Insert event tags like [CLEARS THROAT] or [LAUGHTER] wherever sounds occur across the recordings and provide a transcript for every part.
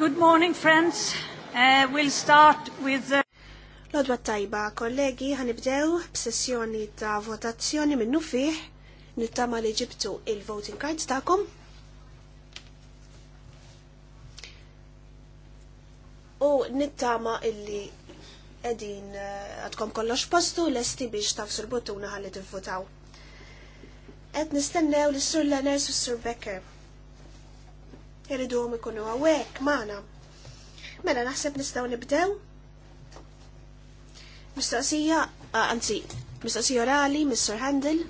Good morning, friends. Uh, we'll start with the... Lodwa tajba, kollegi, ħanibdew b'sessjoni ta' votazzjoni minnu fiħ, nittama li ġibtu il-voting cards ta'kom. U nittama illi edin eh, għadkom kollox postu l-esti biex tafsu l-buttuna ħalli tivvotaw. Ed nistennew l-sur Lenners u s-sur Becker irridu għom ikunu għawek, maħna. Mela naħseb nistaw nibdew? Mistoqsija, anzi, mistoqsija orali, Mr. Handel,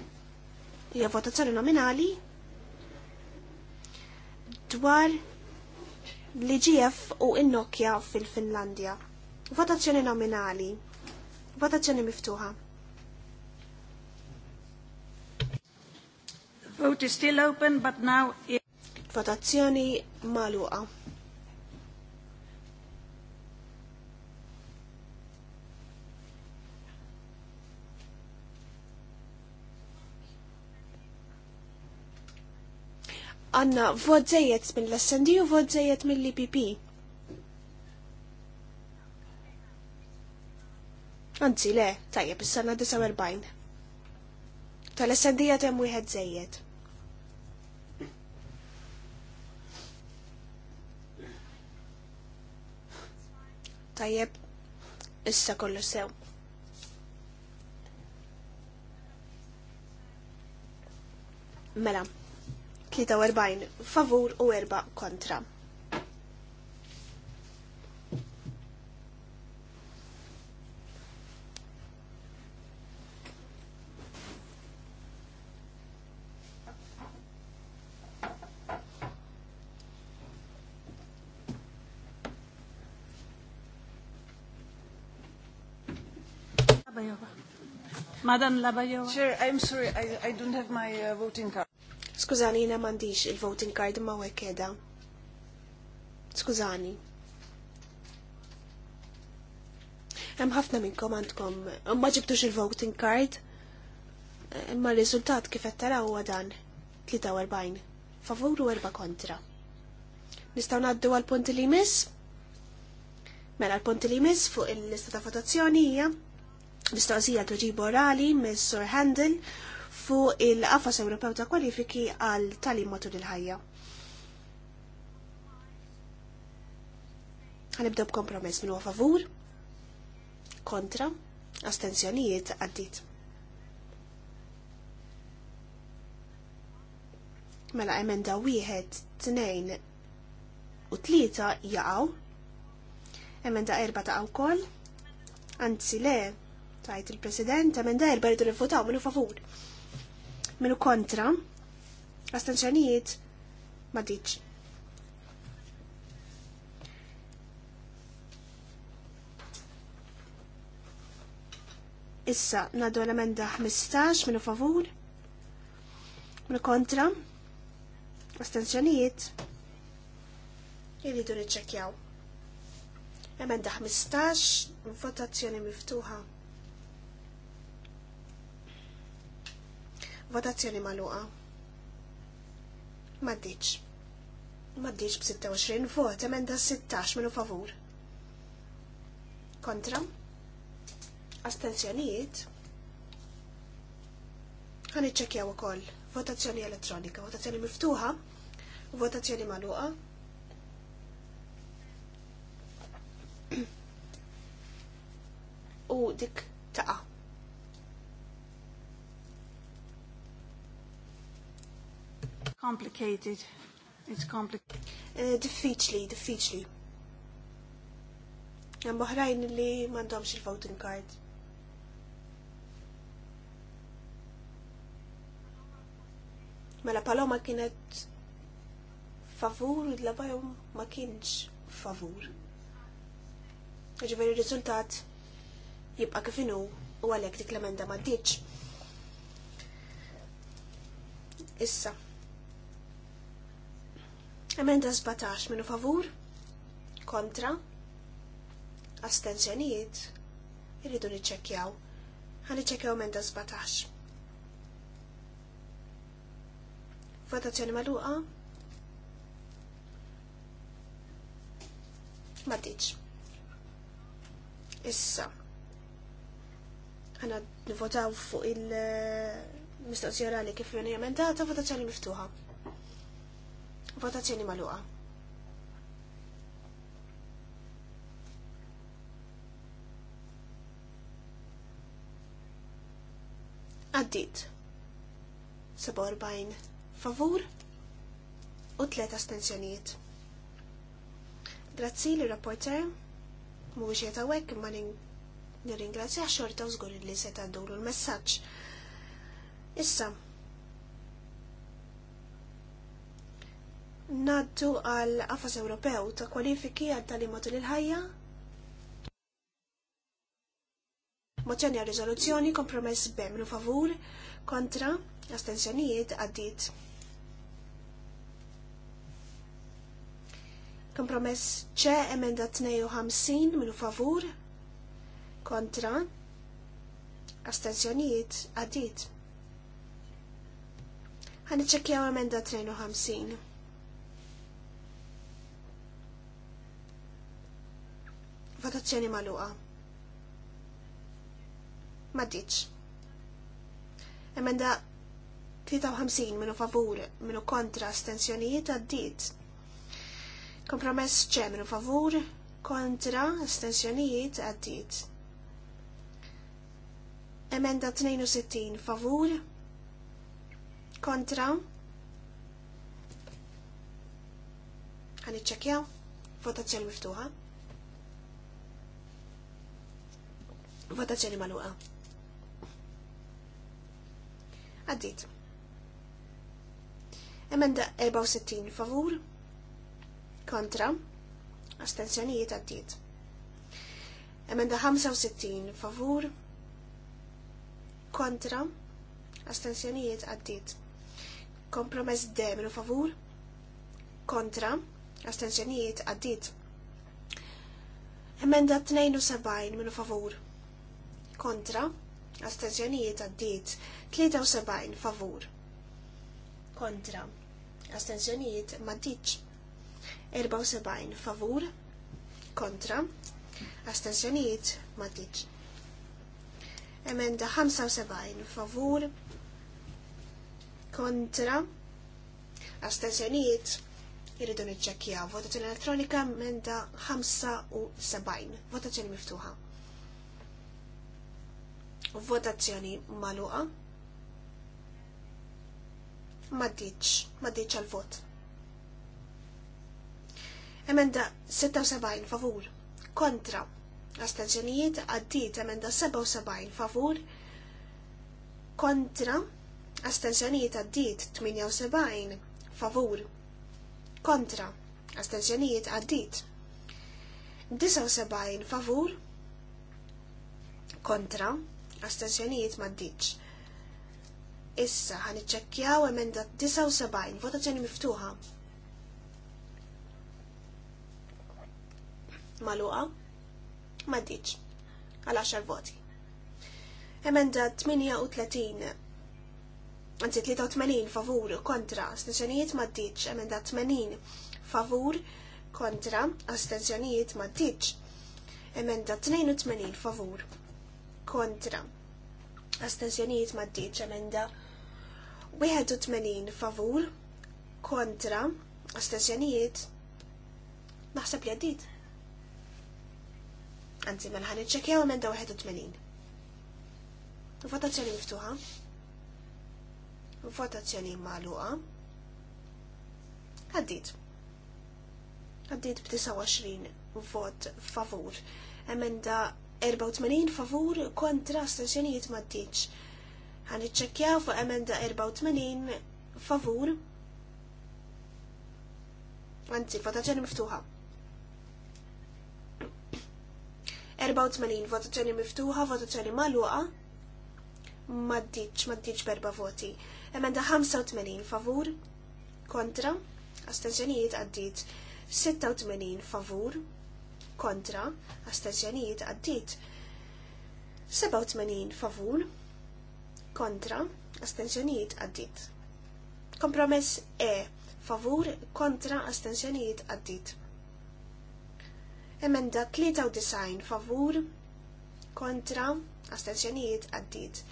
hija votazzjoni nominali dwar li ġief u innokja fil-Finlandja. Votazzjoni nominali. Votazzjoni miftuħa. Vote is still open, but now... Votazzjoni maluqa. għanna vot mill-SND u vot mill-IPP. Anzi, le, tajjeb, bissanna 49. Tal-SND għatem wieħed zejjed. tajjeb issa kollu sew. Mela, 43 favur u 4 kontra. Labajova. Madam Labajova. Chair, I'm sorry, I, I don't have my uh, voting card. Skużani, jina mandiġ il-voting card ma wekeda. Skużani. Hemm ħafna minnkom għandkom ma ġibtux il-voting card. Imma eh, r-riżultat kif qed taraw huwa dan 43 favur u 4 kontra. Nistgħu ngħaddu għall-punt li jmiss? Mela l-punt li jmiss fuq il-lista ta' votazzjoni hija mistoqsija tuġib orali mis sur Handel fuq il-qafas Ewropew ta' kwalifiki għal tali matul il-ħajja. Għanibda b'kompromess minn favur, kontra, astenzjonijiet għaddit. Mela emenda wieħed, tnejn u tlieta jaqgħu, emenda erba ta' wkoll, anzi le, tajt il-President, emenda erba rridu nivvotaw minu favur. Minu kontra, astanċanijiet ma diċ. Issa, nadu l-emenda 15 minu favur, Minu kontra, astanċanijiet irridu niċċekjaw. Emenda 15, votazzjoni miftuħa. Votazzjoni maluqa. Maddiċ. Maddiċ b-26 vot, emenda 16 minu favur. Kontra. Astenzjonijiet. Għan iċċekjaw ukoll. Votazzjoni elettronika, votazzjoni miftuħa, votazzjoni maluqa. [CLEARS THROAT] U dik taqa' Complicated. It's complicated. Eh, diffiċli, diffiċli. Hemm boħrajn li m'għandhomx il-voting card. Mela Paloma kienet favur u d ma kienx favur. Ġiveri r-riżultat jibqa kifinu u għalek dik l-emenda ma ddiċ. Issa, Emenda 17 minu favur, kontra, astenzjonijiet, irridu niċċekjaw. Għan iċċekjaw emenda 17. Votazzjoni maluqa. Matiċ. Issa. Għana nivotaw fuq il mistoqsjonali kif jena emendata votazzjoni miftuħa. Votazzjoni maluqa. Għaddit. 47 favur u tleta astensjonijiet. Grazzi li rapporter mhuwiex qed hawnhekk imma nirringrazzja xorta u żgur li se tgħaddu l-messaġġ. Issa, naddu għal qafas Ewropew ta' kwalifiki għad tali matul il-ħajja? Mozzjoni għal riżoluzzjoni kompromess b'emnu favur kontra astensjonijiet għaddit. Kompromess ċe emenda 52 minu favur kontra astenzjonijiet għaddit. Għan iċċekkjaw emenda 53. Votazzjoni maluqa. Ma ditx. Emenda 53 minu favur, minu kontra astensjonijiet għaddit. Kompromess ċe minu favur, kontra astensjonijiet għaddit. Emenda 62 favur, kontra għan iċċekjaw votazzjoni miftuħa. Votazzjoni maluqa. Għaddit. Emenda 64 favur kontra astenzjonijiet għaddit. Emenda 65 favur kontra astenzjonijiet għaddit. Kompromess D minu favur kontra astenzjonijiet għaddit. Emenda 72 minu favur kontra, astenzjonijiet għaddit 73 favur, kontra, astenzjonijiet maddiċ 74 favur, kontra, astenzjonijiet maddiċ. Emenda 75 favur, kontra, astenzjonijiet irridu nitċekkjaw votazzjoni elettronika menda 75, votazzjoni miftuħa. Votazzjoni maluqa. Maddiċ, maddiċ għal-vot. Emenda 76 favur. Kontra. Astenzjonijiet għaddit emenda 77 favur. Kontra. Astenzjonijiet għaddit 78 favur. Kontra. Astenzjonijiet għaddit 79 favur. Kontra astensjonijiet maddiċ. Issa ħan iċċekkjaw emenda 79, votazzjoni miftuħa. Maluqa, maddiċ, għal 10 voti. Emenda 38, għanzi 83 favur kontra astensjonijiet maddiċ, emenda 80 favur kontra astensjonijiet maddiċ, emenda 82 favur kontra. Astenzjonijiet ma ddiċ emenda 81 favur kontra astenzjonijiet naħseb li għaddit. Anzi, mela ħan u menda 81. Votazzjoni miftuħa. Votazzjoni magħluqa. Għaddit. Għaddit b'29 vot favur. Emenda 84 favur kontra astensjonijiet maddiċ. Għan iċċekjaw fuq emenda 84 favur. Anzi, votazzjoni miftuħa. 84 votazzjoni miftuħa, votazzjoni maluqa. Maddiċ, maddiċ berba voti. Emenda 85 favur kontra stazzjonijiet għaddit. 86 favur kontra, astazzjonijiet għaddit 87 favur, kontra, astenzjonijiet għaddit. Kompromess E, favur, kontra, astenzjonijiet għaddit. Emenda 93 favur, kontra, astenzjonijiet għaddit.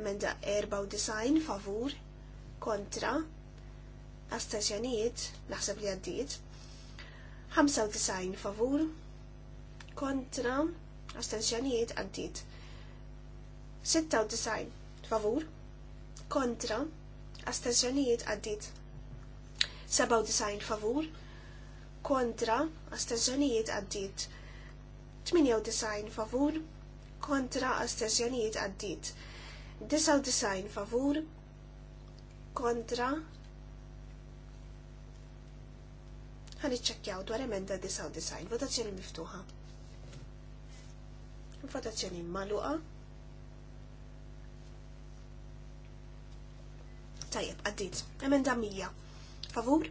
Emenda 94 favur, kontra, astenzjonijiet, naħseb li għaddit. 95 favur, kontra astensjonijiet għaddit. 96 favur kontra astensjonijiet għaddit. 97 favur kontra astensjonijiet għaddit. 98 favur kontra astensjonijiet għaddit. 99 favur kontra ħan iċċekkjaw dwar emenda 99, votazzjoni miftuħa votazzjoni maluqa. Tajjeb, għaddit. Emenda 100. Favur?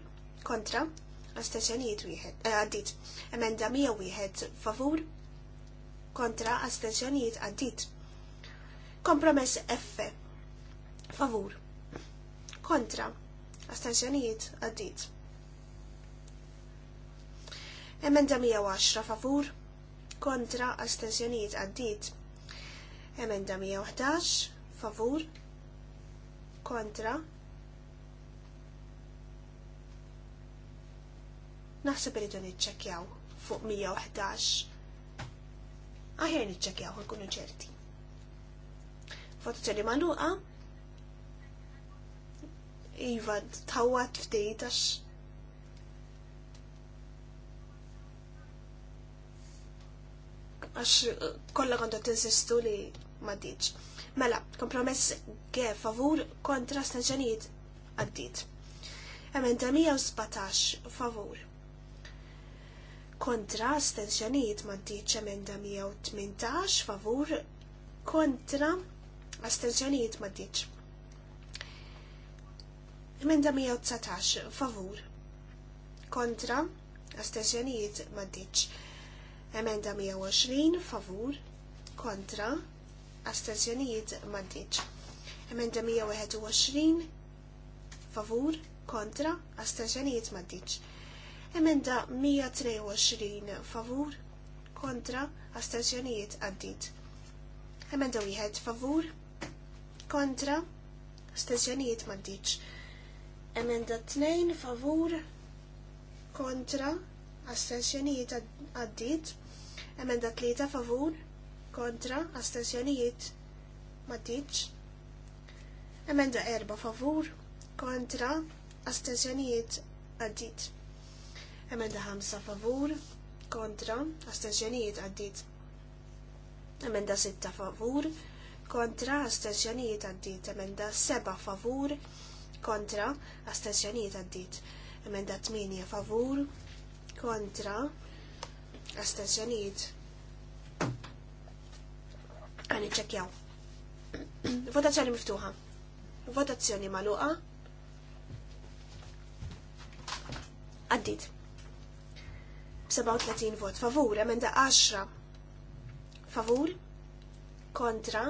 Kontra? astensjonijiet wieħed. Eh, għaddit. Emenda wieħed Favur? Kontra? astensjonijiet għaddit. Kompromess F. Favur? Kontra? astensjonijiet għaddit. Emenda 110. Favur? kontra astensjoniet għaddit. Emenda 111, favur, kontra. Naħseb irridu nitċekjaw fuq 111. Aħjar niċċekjaw nkunu ċerti. Votazzjoni manuqa. Iva tħawat fdejtax. għax eh, kollha kontu tinsistu li ma Mela, kompromess ge favur kontra stanġanijiet għaddit. Emenda 117 favur. Kontra stanġanijiet ma diċ emenda 118 favur kontra astenzjonijiet ma diċ. Emenda 119 favur kontra astenzjonijiet ma Emenda 120 favur kontra astenzjonijiet maddiċ. Emenda 121 favur kontra astenzjonijiet maddiċ. Emenda 123 favur kontra astenzjonijiet għaddit. Emenda wieħed favur kontra astenzjonijiet maddiċ. Emenda 2 favur kontra astenzjonijiet għaddit Emenda tlieta favur kontra astensjonijiet maddiċ. Emenda erba favur kontra astensjonijiet għaddit. Emenda ħamsa favur kontra astensjonijiet għaddit. Emenda sitta favur kontra astensjonijiet għaddit. Emenda seba favur kontra astensjonijiet għaddit. Emenda 8 favur kontra astensjonijiet għan iċċekjaw. Votazzjoni miftuħa. Votazzjoni maluqa. Għaddit. 37 vot favur, emenda 10 favur, kontra,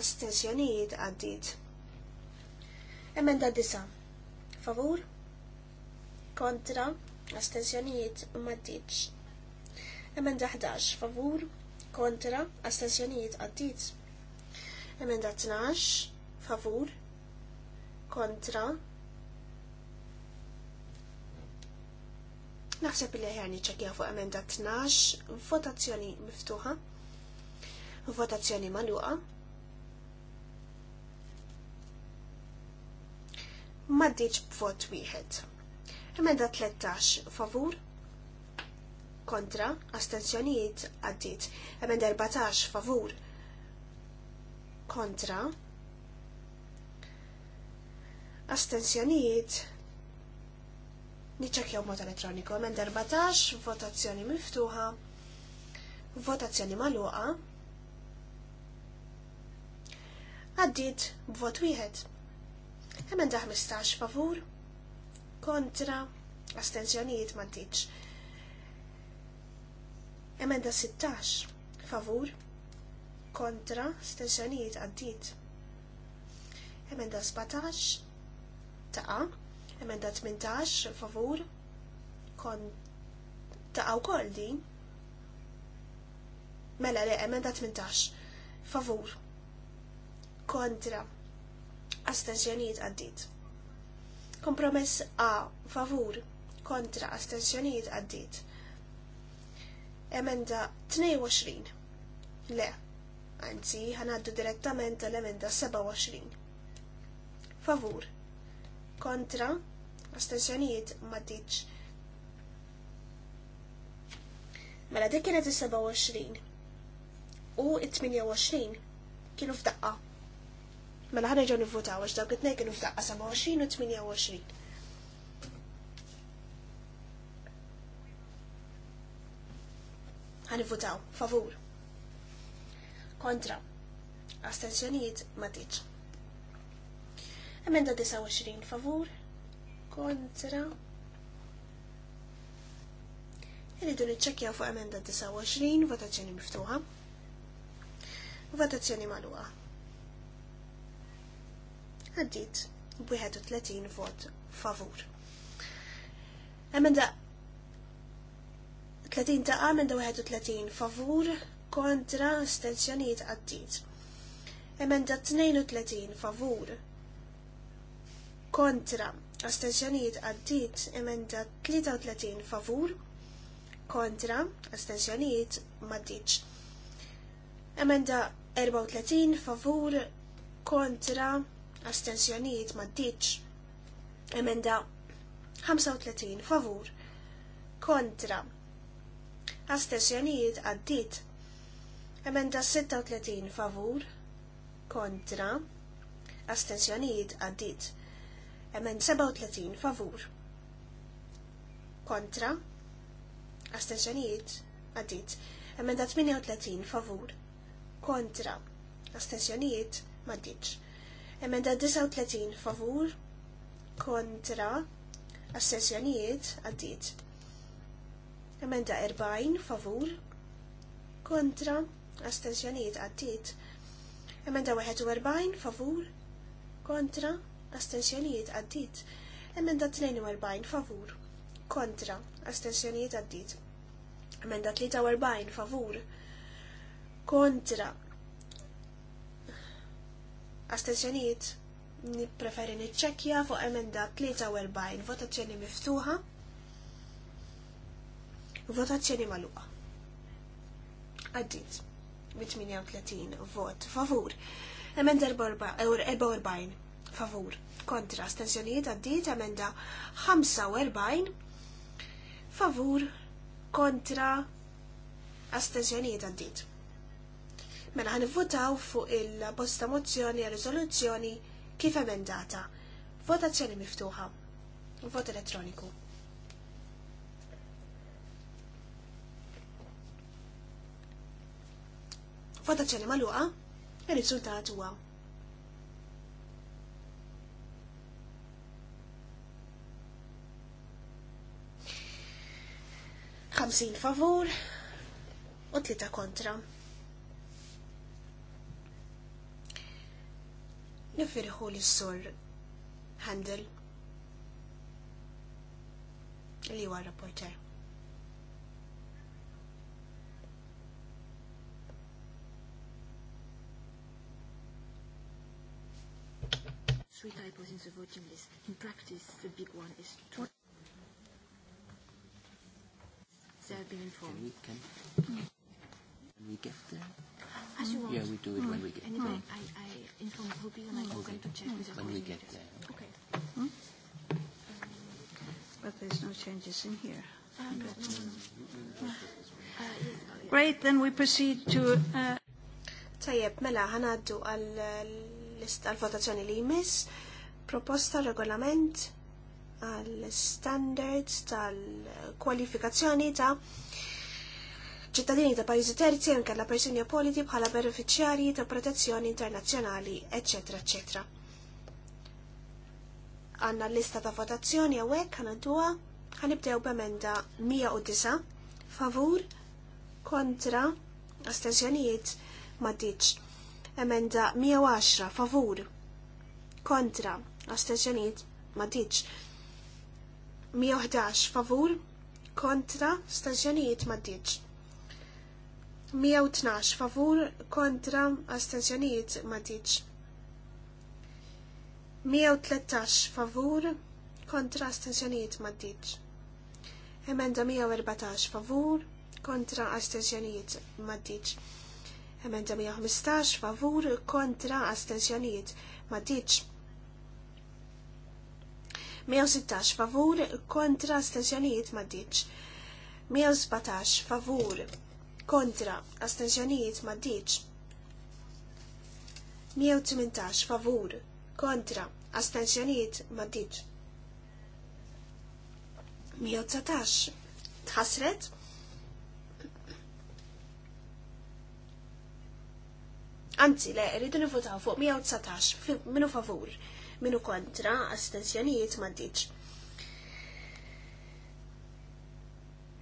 astensjonijiet għaddit. Emenda 10. favur, kontra, astensjonijiet maddiċ. Emenda 11 favur kontra astensjonijiet għaddiċ. Emenda 12 favur kontra Naħseb li ħjani ċekja fuq emenda 12, votazzjoni miftuħa, votazzjoni maluqa. Maddiċ b'vot wieħed. Emenda 13 favur kontra astenzjonijiet għaddit. Emenda 14 favur kontra astenzjonijiet niċċekjaw mod elettroniku. Emenda 14 votazzjoni miftuħa votazzjoni magħluqa għaddit b'vot wieħed. Emenda 15 favur kontra, astenzjonijiet ma tiġ. Emenda 16, favur, kontra, astenzjonijiet għaddit. Emenda 17, taqa, emenda 18, favur, kon taqa u koldi. din. Mela le, emenda 18, favur, kontra, astenzjonijiet għaddit. Kompromess A favur kontra astensjonijiet għaddit. Emenda 22. Le, anzi ħanaddu direttament l-emenda 27. Favur kontra astensjonijiet maddiċ. Mela dik kienet 27 u 28 kienu f'daqqa Mela ħana ġew nivvota għax dawk it-tnejn kienu f'daqqa 27 u 28. ħanivutaw, favur. Kontra. Astenzjonijiet ma tiġ. Emenda 29, favur. Kontra. Iridu niċċekkjaw fuq emenda 29, votazzjoni miftuħa. Votazzjoni magħluqa għaddit b-31 vot favur. Emenda 30 ta' emenda 31 favur kontra stenzjoniet għaddit. Emenda 32 favur kontra astenzjoniet għaddit emenda 33 favur kontra astenzjoniet maddiċ. Emenda 34 favur kontra astensjoniet ma ddiċ. Emenda 35 favur kontra astensjoniet għaddit. Emenda 36 favur kontra astensjonijiet għaddit. Emenda 37 favur kontra astensjonijiet għaddit. Emenda 38 favur kontra astensjonijiet ma ddiċ Emenda 39 favur kontra assessjonijiet għaddit. Emenda 40 favur kontra astensjonijiet għaddit. Emenda 41 favur kontra astensjonijiet għaddit. Emenda 42 favur kontra astensjonijiet għaddit. Emenda 43 favur kontra astenzjonijiet nippreferi niċċekkja fuq emenda 43 votazzjoni miftuħa votazzjoni maluqa għaddit mit 38 vot favur emenda 44 favur kontra astenzjonijiet għaddit emenda 45 favur kontra astenzjonijiet għaddit Mela ħan votaw fuq il-bosta mozzjoni għal riżoluzzjoni kif emendata. Votazzjoni miftuħa. Vot elettroniku. Votazzjoni maluqa. Il-riżultat huwa Kamsin favur u tlita kontra. nifirħu li s sur Handel li huwa rapporter. Three typos in the voting list. In practice, the big one is two. They have been informed. Can we, can, can we get there? As you mm-hmm. want. Yeah, we do it mm. when we get anyway, there. Anyway, I, I inform Ruby and I'm okay. going to check mm. with When we get there. Okay. Mm? But there's no changes in here. Uh, mm-hmm. uh, Great, then we proceed to... Uh, Tajjeb, mela ħanaddu għal-votazzjoni li jmiss, proposta regolament għal-standards tal-kwalifikazzjoni ta' ċittadini ta' pajjiżi terzi anke la persuni politi bħala benefiċjarji ta' protezzjoni internazzjonali, ecc. ecc. Għanna lista ta' votazzjoni għawek għanadduwa ħanibdew b'emenda 109 favur kontra astensjonijiet maddiċ. Emenda 110 favur kontra astensjonijiet maddiċ. 111 favur kontra stazzjonijiet maddiċ. 112 favur kontra astensjonijiet matiċ. 113 favur kontra astensjonijiet matiċ. Emenda 114 favur kontra astensjonijiet matiċ. Emenda 115 favur kontra astensjonijiet matiċ. 116 favur kontra astensjonijiet matiċ. 117 favur kontra, astenzjonijiet ma ddiċ. 118 favur, kontra, astenzjonijiet ma ddiċ. 119 tħasret Anzi, le, rridu nifutaw fuq 119, minu favur, minu kontra, astenzjonijiet ma ddiċ.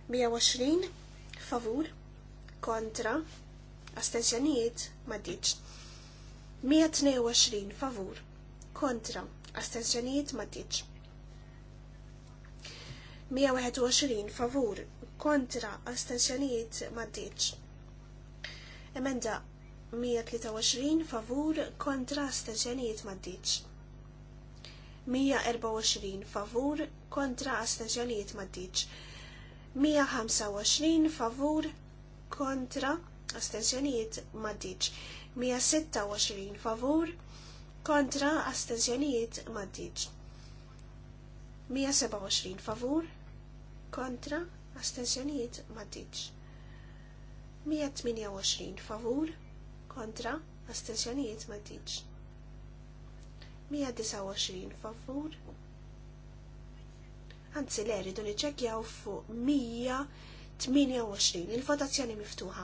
120, favur, kontra, ma maddiċ. 122 favur, kontra, astenzjonijiet maddiċ. 121 favur, kontra, astenzjonijiet maddiċ. Emenda 123 favur, kontra, astenzjonijiet maddiċ. 124 favur kontra ma maddiċ. 125 favur kontra, astenzjonijiet maddiċ. 126 favur, kontra, astenzjonijiet maddiċ. 127 favur, kontra, astenzjonijiet maddiċ. 128 favur, kontra, astenzjonijiet maddiċ. 129 favur. Anzi, le, rridu niċċekjaw fuq 100 28, il-votazzjoni miftuħa.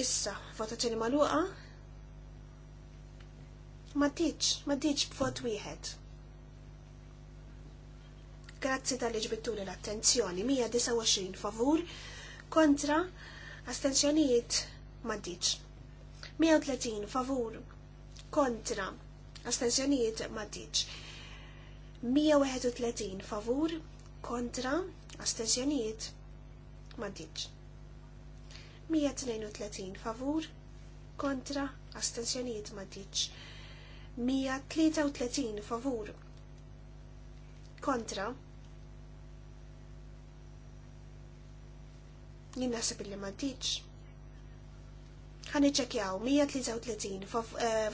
Issa, votazzjoni maluqa? Ma tiċ, ma tiċ b'vot wieħed. Grazzi tal-li ġbittuli l-attenzjoni, 129 favur, kontra, astenzjonijiet ma tiċ. 130 favur, kontra, astenzjonijiet ma tiċ. 131 favur kontra astenzjonijiet ma diċ. 132 favur kontra astenzjonijiet ma diċ. 133 favur kontra jien naħseb illi ma diċ. Ħan iċċekjaw 133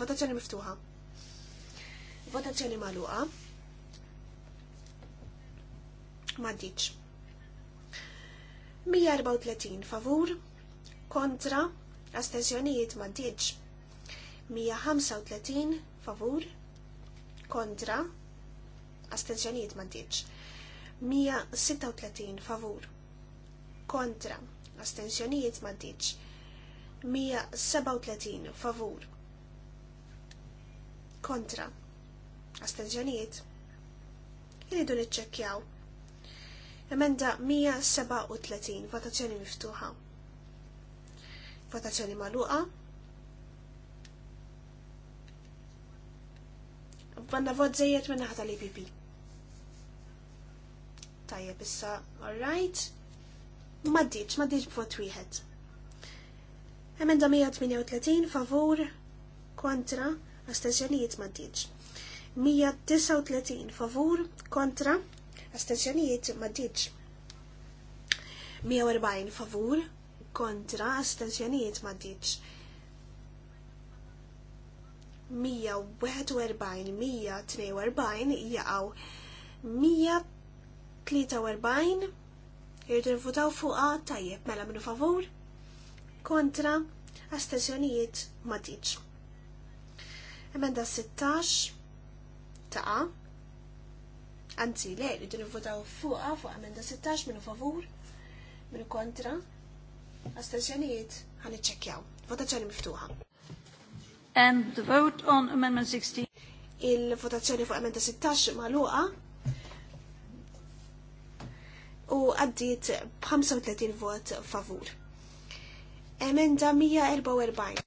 votazzjoni miftuħa. Votazzjoni maluqa. Maddiċ. 134 favur kontra astenzjonijiet maddiċ. 135 favur kontra astenzjonijiet maddiċ. 136 favur kontra astenzjonijiet maddiċ. 137 favur kontra astenzjonijiet. Iridu niċċekkjaw Emenda 137, votazzjoni miftuħa. Votazzjoni maluqa. Banna vot zejjed minn naħta li pipi. Tajja issa, alright. Maddiċ, maddiċ b'vot wieħed. Emenda 138, favur, kontra, astenzjonijiet maddiċ. 139, favur, kontra, astenzjonijiet ma ddiċ. 140 favur kontra astenzjonijiet ma ddiċ. 141, 142 jaqaw 143 irridu nfutaw fuqa tajjeb mela minu favur kontra astensjonijiet ma tiġ. Emenda 16 ta' Anzi, le, rridu nivvotaw fuqa fuq amenda 16 minn favur, minn kontra, astensjonijiet għan iċċekkjaw. Votazzjoni miftuħa. And the vote on amendment 16. Il-votazzjoni fuq amenda 16 maluqa u għaddit 35 vot favur. Emenda 144.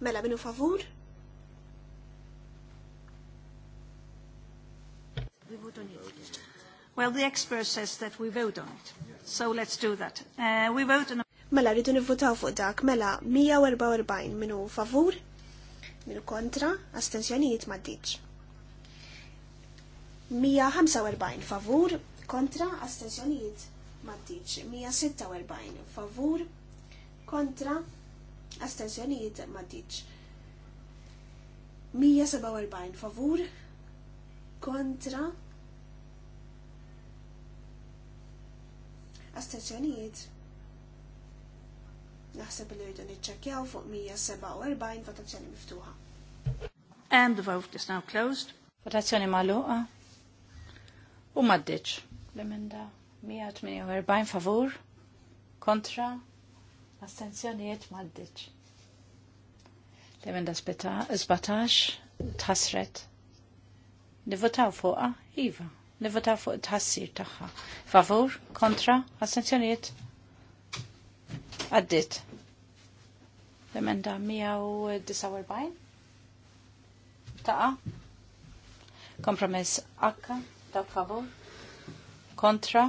Mela minu favur? We vote on it. Well, the expert says that we vote on it. So let's do that. Uh, we vote on Mela rridu nivvotaw fuq dak, mela 144 minu favur, minu kontra, astensjonijiet ma' diċ. 145 favur, kontra, astensjonijiet ma' diċ. 146 favur, kontra, astensjonijiet maddiċ. 147 favur kontra astensjonijiet naħseb li rridu niċċekkjaw fuq 147 votazzjoni miftuħa. And the vote is now closed. Votazzjoni magħluqa. U maddiċ. L-emenda 148 favur kontra Astenzjoniet maddiċ. L'emenda emenda 17 tħasret. Nivotaw fuqa, Iva. Nivotaw fuq tħassir taħħa. Favur, kontra, astenzjoniet. Addit. Lemenda emenda 149. Taqa. Kompromess akka, taw favur. Kontra.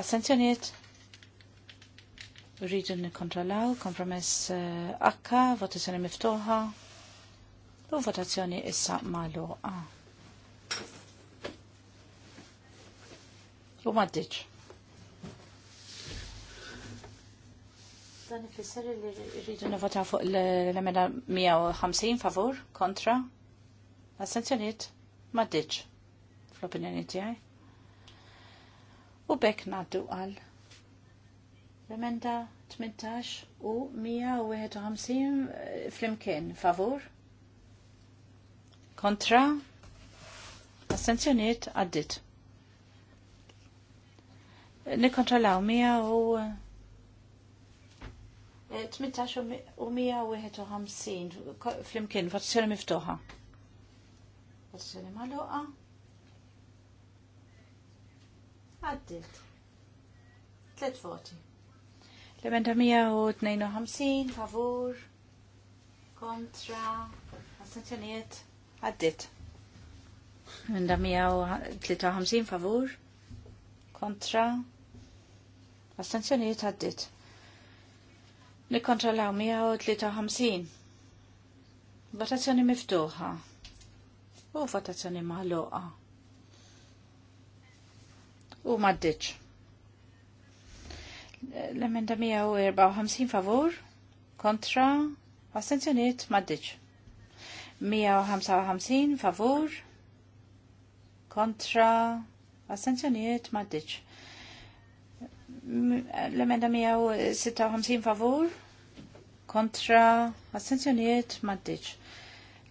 Astenzjonijiet Rridu nikkontrollaw kompromess akka, eh, votazzjoni miftuħa u votazzjoni issa magħluqa. U maddiċ. Dan ifisser li rridu nivota fuq l-emenda 150 favur, kontra, assenzjoniet, maddiċ, fl-opinjoni tiegħi. U bekk naddu għal l 18 u 151 eh, fl-imkien favur kontra Assenzjoniet għaddit. Eh, Nikontrollaw 118 u eh, u 18 151 fl-imkien, votazzjoni miftuħa. Votazzjoni maluqa. Għaddit. Tlet voti. 852, emenda favur, kontra, astenzjoniet, għaddit. 853, 153, favur, kontra, astenzjoniet, għaddit. Nikkontrollaw 153. Votazzjoni miftuħa. U votazzjoni maħluqa. U maddiċ. L-emenda 154 favur, kontra, astenzjoniet maddiċ. 155 favur, kontra, astenzjoniet maddiċ. L-emenda 156 favur, kontra, astenzjoniet maddiċ.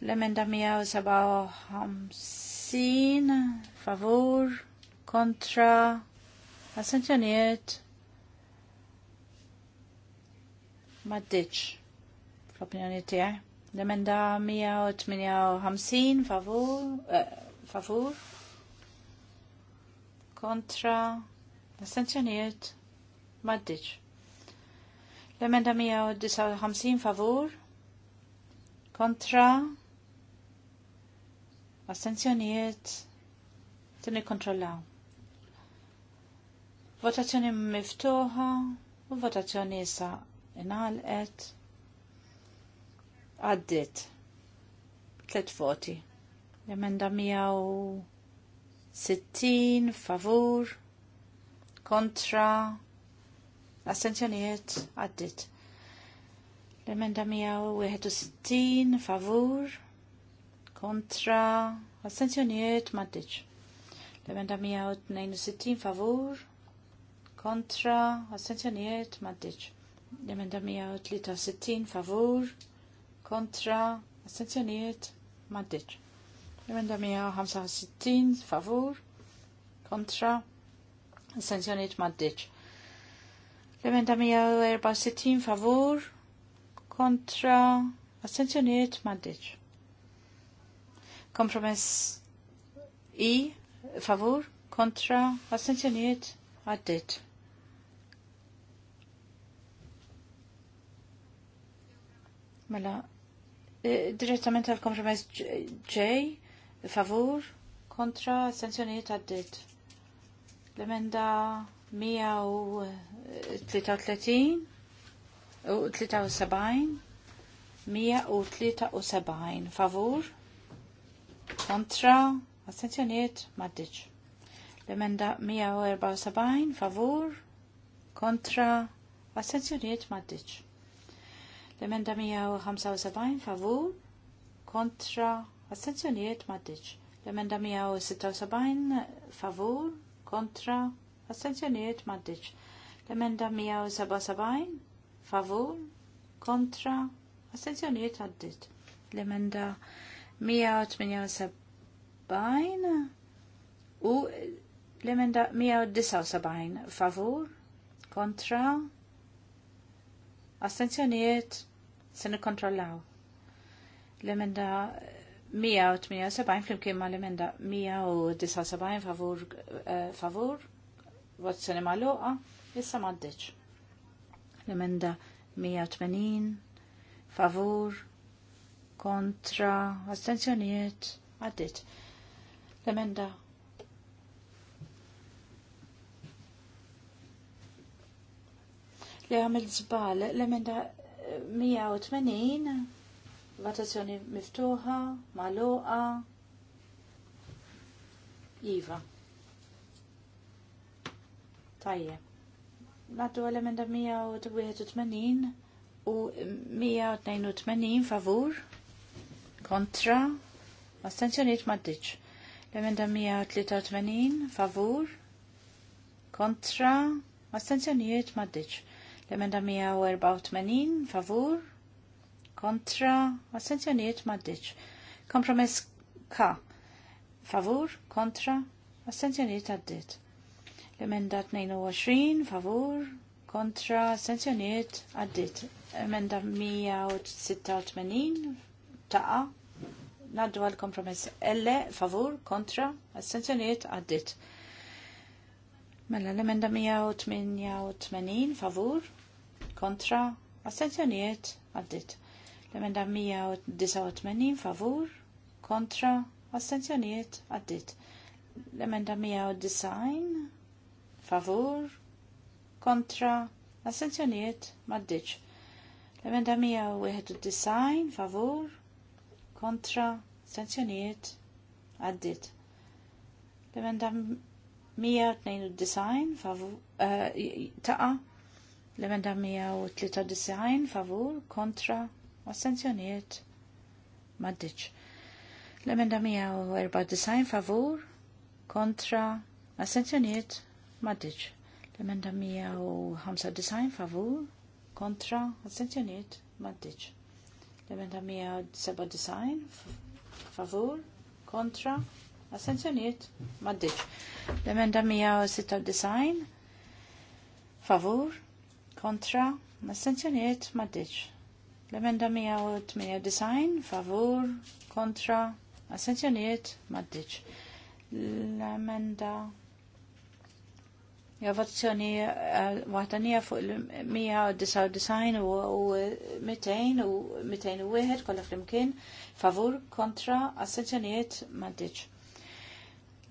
L-emenda 157 favur, kontra, astenzjoniet maddiċ maddiċ fl-opinjoni tijaj. L-emenda 158 favur, eh, favur kontra l-astenzjonijiet maddiċ. L-emenda 159 favur kontra l astenzjonijiet tinni kontrollaw. Votazzjoni miftuħa u votazzjoni sa inħalqet għaddit tlet voti l-emenda 160 favur kontra l astenzjonijiet għaddit l-emenda 161 favur kontra l astenzjonijiet maddiċ l-emenda 162 favur kontra l astenzjonijiet maddiċ L-emenda 163 favur kontra astenzjonijiet maddiċ. L-emenda 165 favur kontra astenzjonijiet maddiċ. L-emenda 164 favur kontra astenzjonijiet maddiċ. Kompromess I favur kontra astenzjonijiet għaddit. Mela, e, direttament għal kompromess ġej, favur, kontra, sanzjoniet għaddit. L-emenda 133 u 73 e, 173 e, favur kontra sanzjoniet maddiċ. L-emenda 174 favur kontra sanzjoniet maddiċ. L-emenda 175 favur kontra astenzjonijiet maddiċ. L-emenda 176 favur kontra astenzjonijiet maddiċ. L-emenda 177 favur kontra astenzjonijiet maddiċ. L-emenda 178 u l-emenda 179 favur kontra astenzjonijiet Se nikkontrollaw. L-emenda 178 flimkien ma l-emenda 179 favur, uh, favur, votazzjoni maluqa, issa maddeċ. L-emenda 180 favur, kontra, astenzjonijiet, għaddit. L-emenda li għamil zbal, l-emenda 180 votazzjoni miftuħa, maluqa, Iva. Tajje. Naddu għal-emenda 181 u 182 favur kontra astenzjoniet maddiċ. L-emenda 183 favur kontra astenzjoniet maddiċ. L-emenda 184 favur kontra assenzjoniet maddiċ. Kompromess K favur kontra assenzjoniet għaddit. L-emenda 22 favur kontra assenzjoniet għaddit. Emenda 186 taqa naddu għal kompromess L favur kontra assenzjoniet għaddit Mela l-emenda 188 favur kontra astenzjoniet għaddit. L-emenda 189 favur kontra astenzjoniet għaddit. L-emenda 190 favur kontra astenzjoniet maddiċ. L-emenda 191 favur kontra astenzjoniet għaddit. L-emenda 192 favur eh, taqa l-emenda 193 favur kontra assenzjoniet, maddiċ. L-emenda 194 favur kontra assenzjoniet, maddiċ. L-emenda 195 favur kontra assenzjoniet, maddiċ. L-emenda 197 favur kontra Assenzjoniet? Maddiċ. L-emenda 196. Favur? Kontra? Assenzjoniet? Maddiċ. L-emenda 198. Favur? Kontra? Assenzjoniet? Maddiċ. L-emenda Ja, votazzjoni eh, waħdanija fuq il-199 u 200 u 201 kolla flimkien favur kontra assenzjonijiet maddiċ.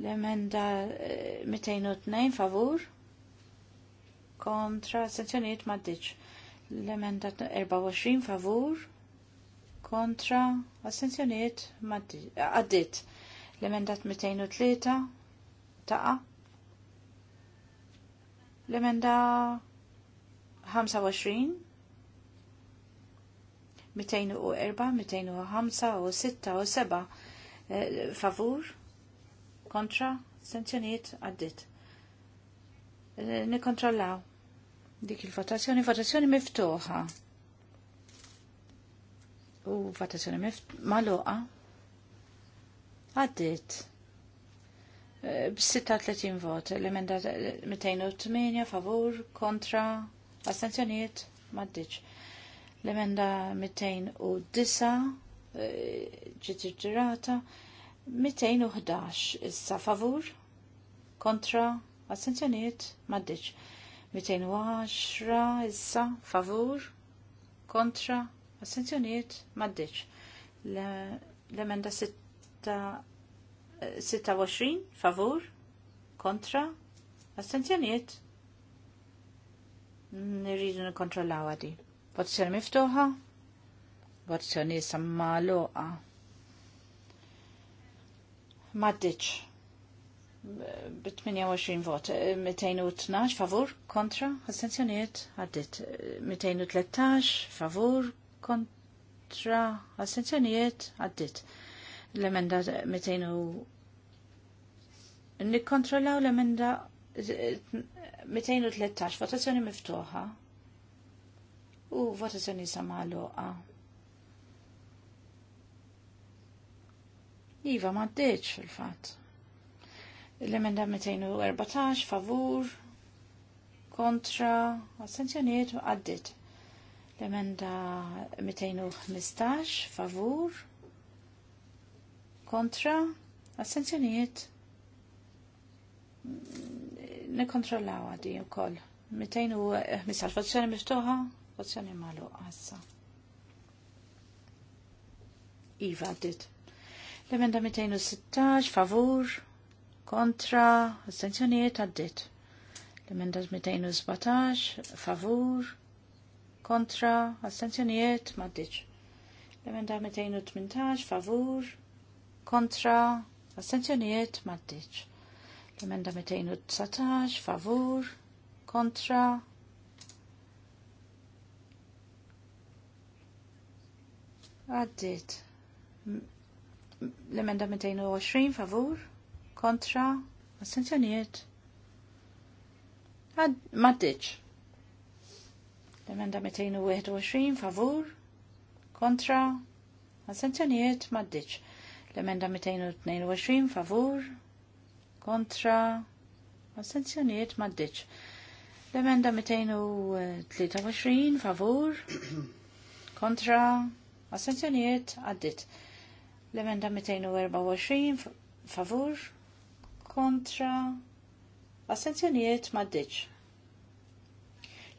L-emenda 202 eh, favur kontra astenzjonijiet maddiċ. L-emenda 24 favur kontra astenzjonijiet eh, għaddit. L-emenda 203 taqa. L-emenda 25 204, 205 u 6 u 7 eh, favur kontra, sanzjoniet għaddit. Nikontrollaw dik il-votazzjoni, votazzjoni miftuħa. U votazzjoni miftuħa, maluqa, għaddit. B-36 vot, l-emenda 208 favur, kontra, astenzjoniet, maddiċ. L-emenda 209 ġitirġirata. Uh, 211 issa favur kontra assenzjoniet maddiċ 210 issa favur kontra assenzjoniet maddiċ l-emenda 26 eh, favur kontra assenzjoniet nirridu nikontrollaw għadi votazzjoni miftuħa votazzjoni samma loqa Maddiċ. B-28 vot. 212 e, favur, kontra, astenzjoniet, għaddit. 213 e, favur, kontra, astenzjoniet, għaddit. L-emenda 200 Nikkontrollaw l-emenda 213 e, votazzjoni miftuħa u votazzjoni samalu, samaluqa. Iva ma d-deċ fil-fat. L-emenda 214 favur kontra assenzjoniet għaddit. L-emenda 215 favur kontra assenzjoniet kontrollaw għaddi u koll. 215 fazzjoni eh, miftuħa, fazzjoni malu għassa. Iva għaddit. L-emenda 216, favur, kontra, astenzjoniet, għaddit. L-emenda 217, favur, kontra, astenzjoniet, maddit. L-emenda 218, favur, kontra, astenzjoniet, maddit. L-emenda 219, favur, kontra, għaddit. L-emenda 220 favur kontra assenzjonijiet. Maddiċ. L-emenda 221 favur kontra assenzjonijiet maddiċ. L-emenda 222 favur kontra assenzjonijiet maddiċ. L-emenda 223 favur kontra assenzjonijiet għaddit. L-emenda 224 favur kontra assenzjonijiet maddiċ.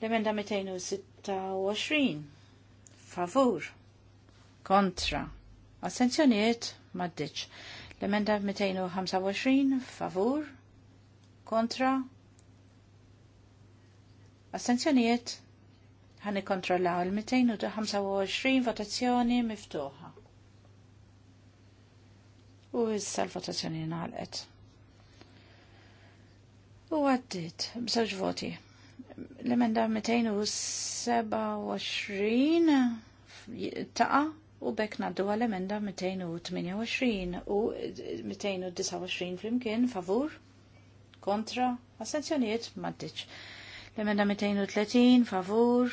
L-emenda 226 favur kontra assenzjonijiet maddiċ. L-emenda 225 favur kontra assenzjonijiet ħani kontrollaw il-225 votazzjoni miftuħ u s l-votazzjoni nalqet. U għaddit, bżewġ voti. L-emenda 227 taqa u bekk naddu għal-emenda 228 u 229 flimkien favur kontra assenzjoniet maddiċ. L-emenda 230 favur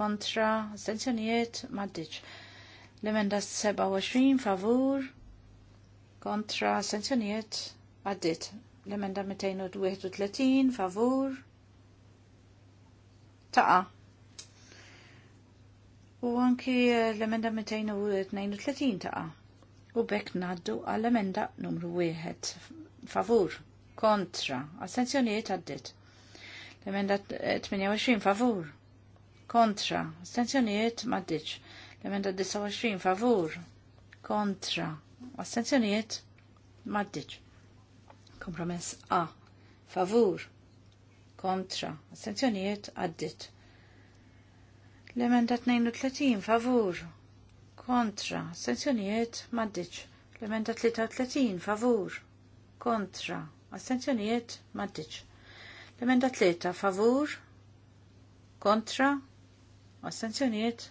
kontra assenzjoniet maddiċ. L-emenda 27 favur kontra sanzjonijiet għaddit l-emenda 231 favur taqa u anki l-emenda 232 taqa u bekk naddu għall-emenda numru 1 favur kontra astenzjonijiet għaddit l-emenda 28 favur kontra astenzjonijiet maddiċ l-emenda 29 favur kontra Astenzjonijiet maddiċ. Kompromess A. Favur. Kontra. Astenzjonijiet għaddit. L-emenda 32. Favur. Kontra. Astenzjonijiet maddiċ. L-emenda 33. Favur. Kontra. Astenzjonijiet maddiċ. L-emenda 3. Favur. Kontra. Astenzjonijiet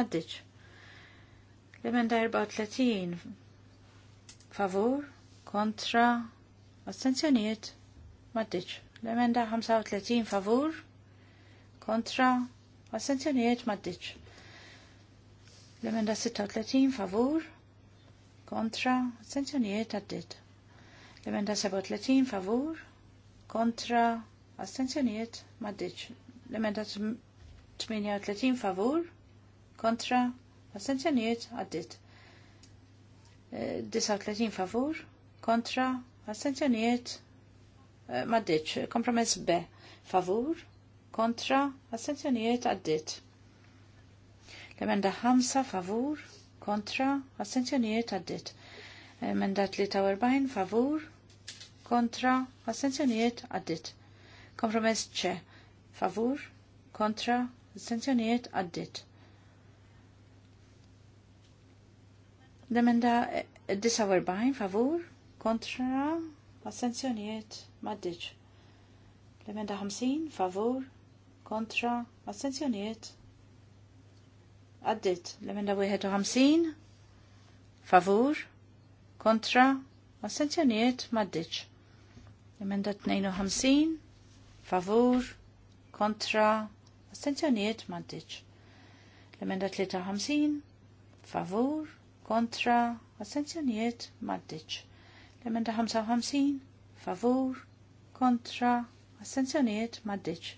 maddiċ. 34 favur kontra astenzjoniet maddiċ. L-emenda 35 favur kontra astenzjoniet maddiċ. L-emenda 36 favur kontra astenzjoniet għaddit. L-emenda 37 favur kontra astenzjoniet maddiċ. L-emenda 38 favur kontra Astenzjonijiet għaddit. 39 eh, favur kontra astenzjonijiet eh, maddiċ. Kompromess B favur kontra astenzjonijiet għaddit. L-emenda 5 favur kontra astenzjonijiet għaddit. Emenda 43 favur kontra astenzjonijiet għaddit. Kompromess C favur kontra astenzjonijiet għaddit. Demenda 49 favur kontra assenzjoniet maddiċ. Demenda 50 favur kontra assenzjoniet għaddit Demenda 51 favur kontra assenzjoniet maddiċ. Demenda 52 favur kontra assenzjoniet maddiċ. Demenda 53 favur kontra, assenzjonijiet maddiċ. L-emenda 55, favur, kontra, assenzjonijiet maddiċ.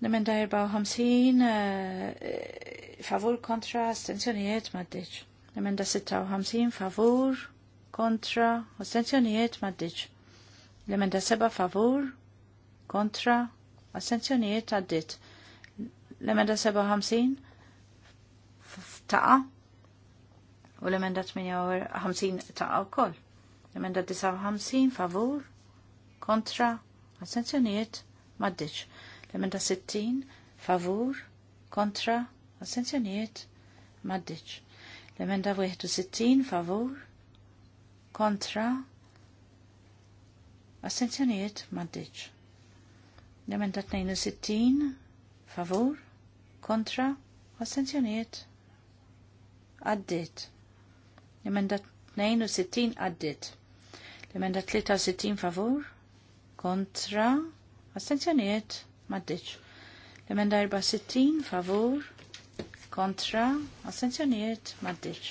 L-emenda 54, eh, favur, kontra, assenzjonijiet maddiċ. L-emenda 56, favur, kontra, assenzjonijiet maddiċ. L-emenda 7, favur, kontra, assenzjonijiet għaddit. L-emenda 57, taqa u l-emenda 58 taqa u koll. L-emenda 59 favur kontra assenzjoniet, maddiċ. L-emenda 60 favur kontra assenzjoniet, maddiċ. L-emenda 61 favur kontra assenzjoniet, maddiċ. L-emenda 62 favur kontra assenzjoniet, maddiċ għaddit. L-emenda 62 għaddit. L-emenda 63 favur kontra Astenzjoniet. maddiċ. L-emenda 64 favur kontra Astenzjoniet. maddiċ.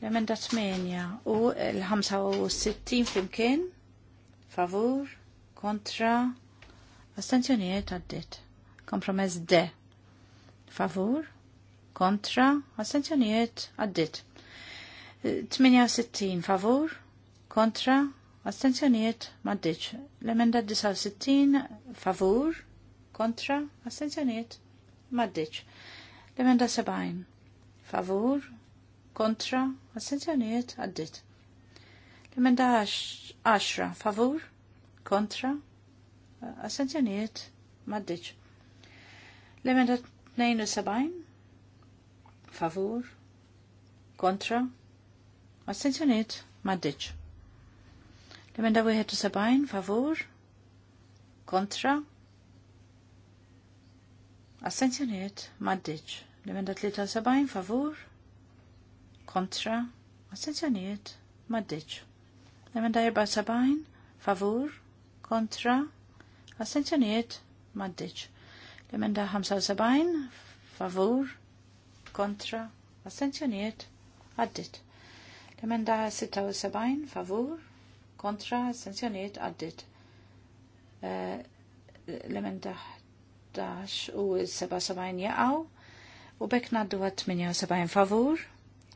L-emenda 8 u l-65 flimkien favur kontra Astenzjoniet. għaddit. Kompromess D favur kontra, assenzjonijiet għaddit. 68 favur, kontra, assenzjonijiet maddiċ. L-emenda 69 favur, kontra, assenzjonijiet maddiċ. L-emenda 70 favur, kontra, assenzjonijiet għaddit. L-emenda 10 favur, kontra, assenzjonijiet maddiċ. L-emenda 72 favur, kontra, astenzjoniet, maddiċ. L-emenda 71, favur, kontra, astenzjoniet, maddiċ. L-emenda 73, favur, kontra, astenzjoniet, maddiċ. L-emenda 74, favur, kontra, astenzjoniet, maddiċ. L-emenda 75, favur, kontra, kontra, assenzjoniet, għaddit. L-emenda 76, favur, kontra, assenzjoniet, għaddit. Eh, l-emenda 11 u 77 jaqaw, u bekk naddu għat 78 favur,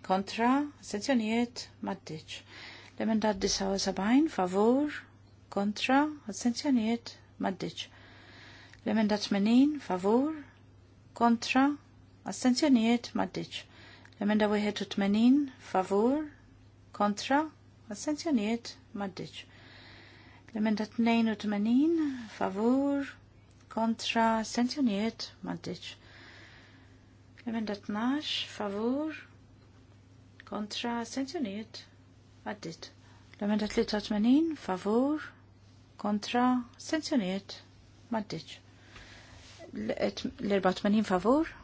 kontra, assenzjoniet, maddiċ. L-emenda 79, favur, kontra, assenzjoniet, maddiċ. L-emenda 80, favur, kontra, Astenzjonijiet maddiċ. L-emenda 81 favur kontra astenzjonijiet maddiċ. L-emenda 82 favur kontra astenzjonijiet maddiċ. L-emenda 12 favur kontra astenzjonijiet għaddit. L-emenda 83 favur kontra astenzjonijiet maddiċ. L-84 favur kontra,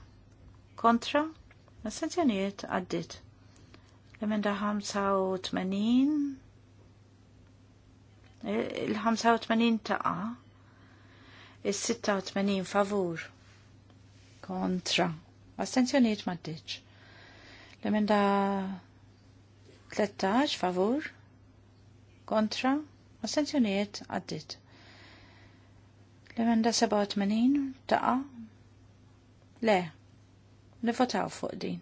kontra l-assenzjonijiet e, għaddit. L-emenda 85 il-85 taqa il-86 favur kontra l astenzjoniet maddiċ l-emenda 13 favur kontra l astenzjoniet għaddit l-emenda 87 taqa le Nivotaw fuq din.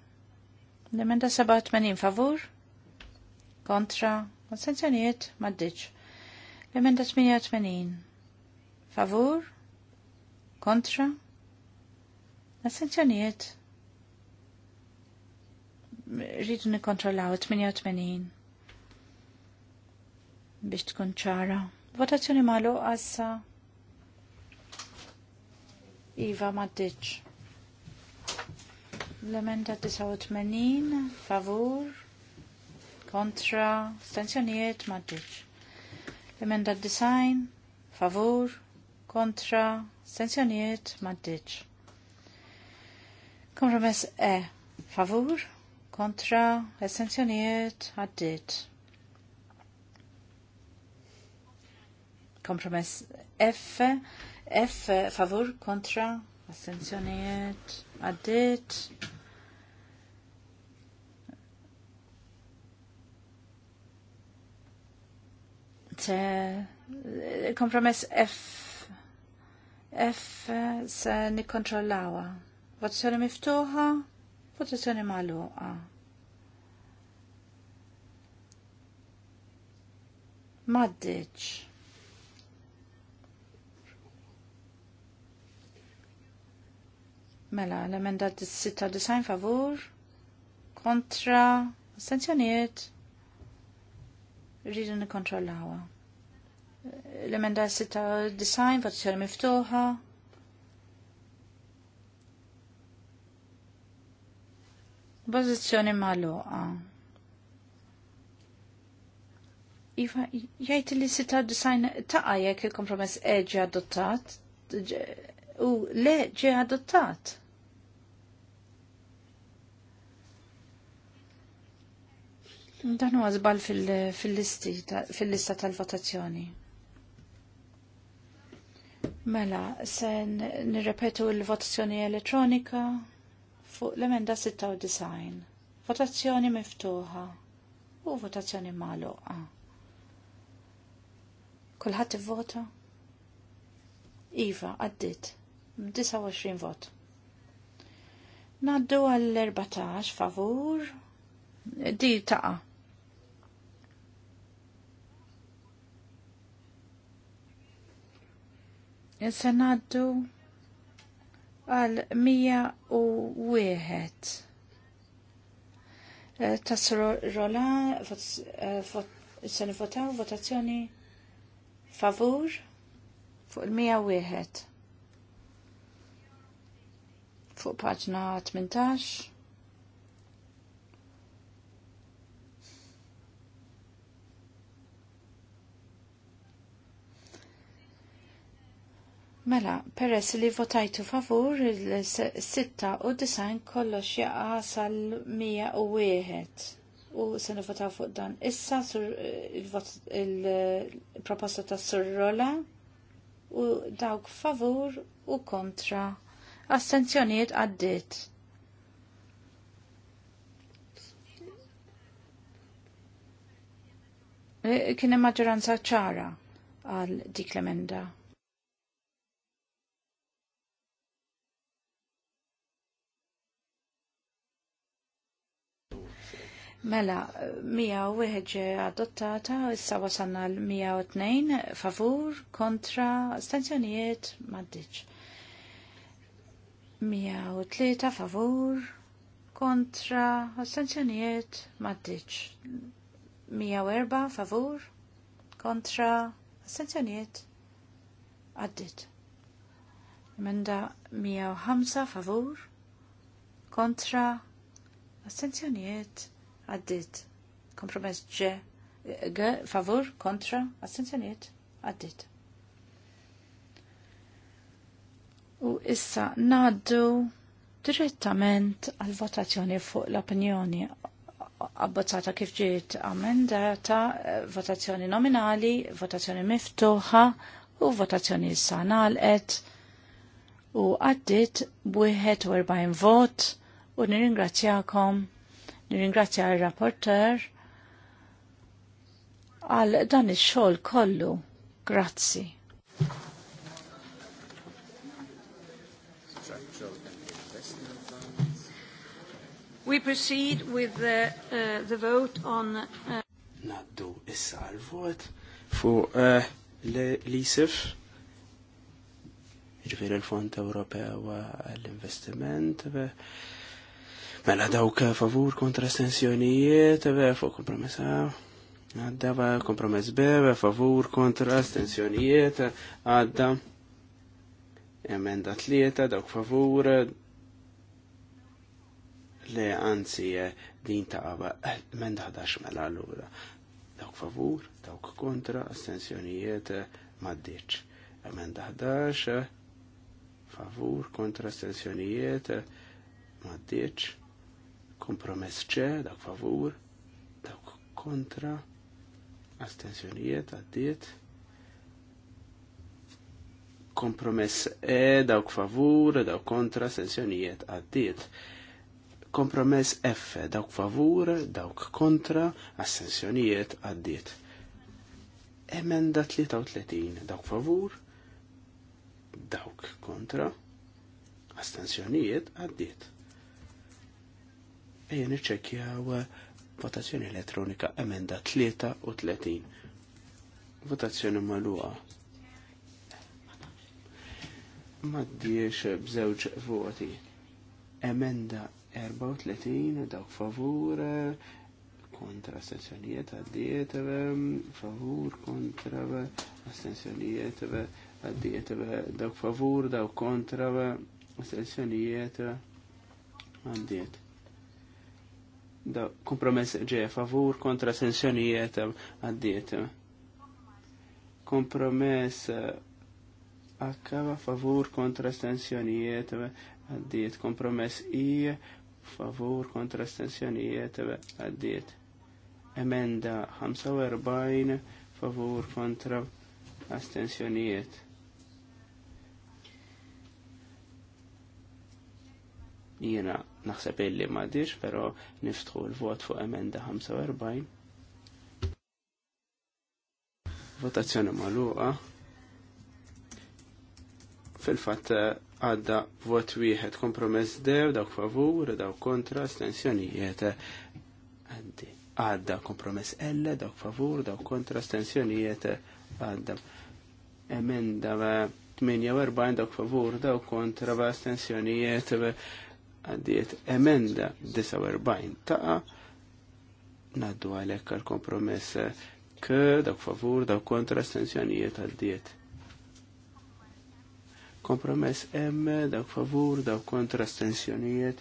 L-emenda 87 favur, kontra, Mas-sanzjoniet? maddiċ. L-emenda 88 favur, kontra, Mas-sanzjoniet? rridu nikontrollaw 88 biex tkun ċara. Votazzjoni malu għassa Iva maddiċ. L-emenda 89, favur, kontra, stanzjonijiet, maddiċ. L-emenda design, favur, kontra, stanzjonijiet, maddiċ. Kompromess E, favur, kontra, estensjonijiet, għaddit. Kompromess F, F, favur, kontra, astenzjonijiet, għaddit. kompromess F F se nikkontrollawa. Votazzjoni miftuħa, votazzjoni magħluqa. Maddiċ. Mela, l-emenda 96 favur, kontra, sanzjoniet, rridu nikontrollawa. L-emenda 96, votazzjoni miftuħa, Pożizzjoni maluqa. Iva, jgħid li sita design taqa jekk il-kompromess e adottat, u le ġi adottat. Dan huwa żbal fil-lista tal-votazzjoni. Mela, se nirrepetu l-votazzjoni elettronika fuq l-emenda 96. Votazzjoni miftuħa u votazzjoni magħluqa. Kulħadd ivvota? Iva, għaddit. 29 vot. Naddu għall-14 favur. Di taqa. għal mija u wieħed. Eh, tas rola eh, se votaw votazzjoni favur fuq il wieħed. fuq paġna 18 Mela, peress li votajtu favur il-sitta u kollox jaqa sal-100 u wieħed u se votaw fuq dan. Issa eh, il-proposta ta' surrola u dawk favur u kontra. Assenzjoniet għaddit. Eh, kien maġġoranza ċara għal dik l-emenda. Mela, 101 adottata, issa wasanna l-102 favur kontra astenzjonijiet maddiċ. 103 favur kontra astenzjonijiet maddiċ. 104 favur kontra astenzjonijiet għaddit. Emenda 105 favur kontra maddiċ għaddit. Kompromess ġe, ġe, favur, kontra, astenzjoniet, għaddit. U issa naddu direttament għal votazzjoni fuq l-opinjoni abbozzata kif ġiet amendata, votazzjoni nominali, votazzjoni miftuħa u votazzjoni issa nalqet u għaddit u erbajn vot u nirringrazzjakom Nirringrazzja il-rapporter għal dan il-xol kollu. Grazzi. We proceed with the, uh, the vote on... Uh... Naddu issa l vot fu uh, l-ISIF, ġifir il-Fond Ewropew għall-Investiment, Mela dawk favur kontra astensjonijiet, fuq kompromess A. Għadda kompromess be, B, favur kontra astensjonijiet, għadda emenda tlieta, dawk favur le anzi din ta' għaba, emenda 11 mela l-għura. Dawk favur, dawk kontra, astensjonijiet maddiċ. Emenda 11, favur kontra astensjonijiet maddiċ Kompromess ċe, dak favur, dak kontra, astensjonijiet, għaddiet. Kompromess E, dawk favur, dawk kontra, astensjonijiet, għaddiet kompromess F dak favur, dawk kontra, assenzjonijiet għaddiet. Emenda 33 Dak favur, dawk kontra, astensjonijiet għaddiet. Ejja niċċekkjaw votazzjoni elettronika emenda 33. Votazzjoni magħluqa. Maddiex b'żewġ voti. Emenda 34 dawk favur kontra astensjonijiet għaddiet favur kontra astensjonijiet għaddiet dawk favur dawk kontra astensjonijiet għaddiet da kompromess ġe favur kontra sensjonijiet għaddiet. Kompromess eh, akkava favur kontra sensjonijiet għaddiet. Kompromess i favur kontra sensjonijiet għaddiet. Emenda 45 favur kontra astensjonijiet Jiena naħseb illi m'għadix, però niftħu l-vot fuq emenda 45. Votazzjoni magħluqa. Fil-fatt eh, għadda vot wieħed kompromess dew, dawk favur, dawk kontra, stensjonijiet. Eh, għaddi. Għadda kompromess L, dawk favur, dawk kontra, stensjonijiet. Eh, għadda. Emenda 48 dawk favur, dawk kontra, stensjonijiet għaddiet emenda 49 ta' naddu għalek għal kompromess k dak favur dak kontra astensjonijiet għaddiet. Kompromess M dak favur dak kontra astensjonijiet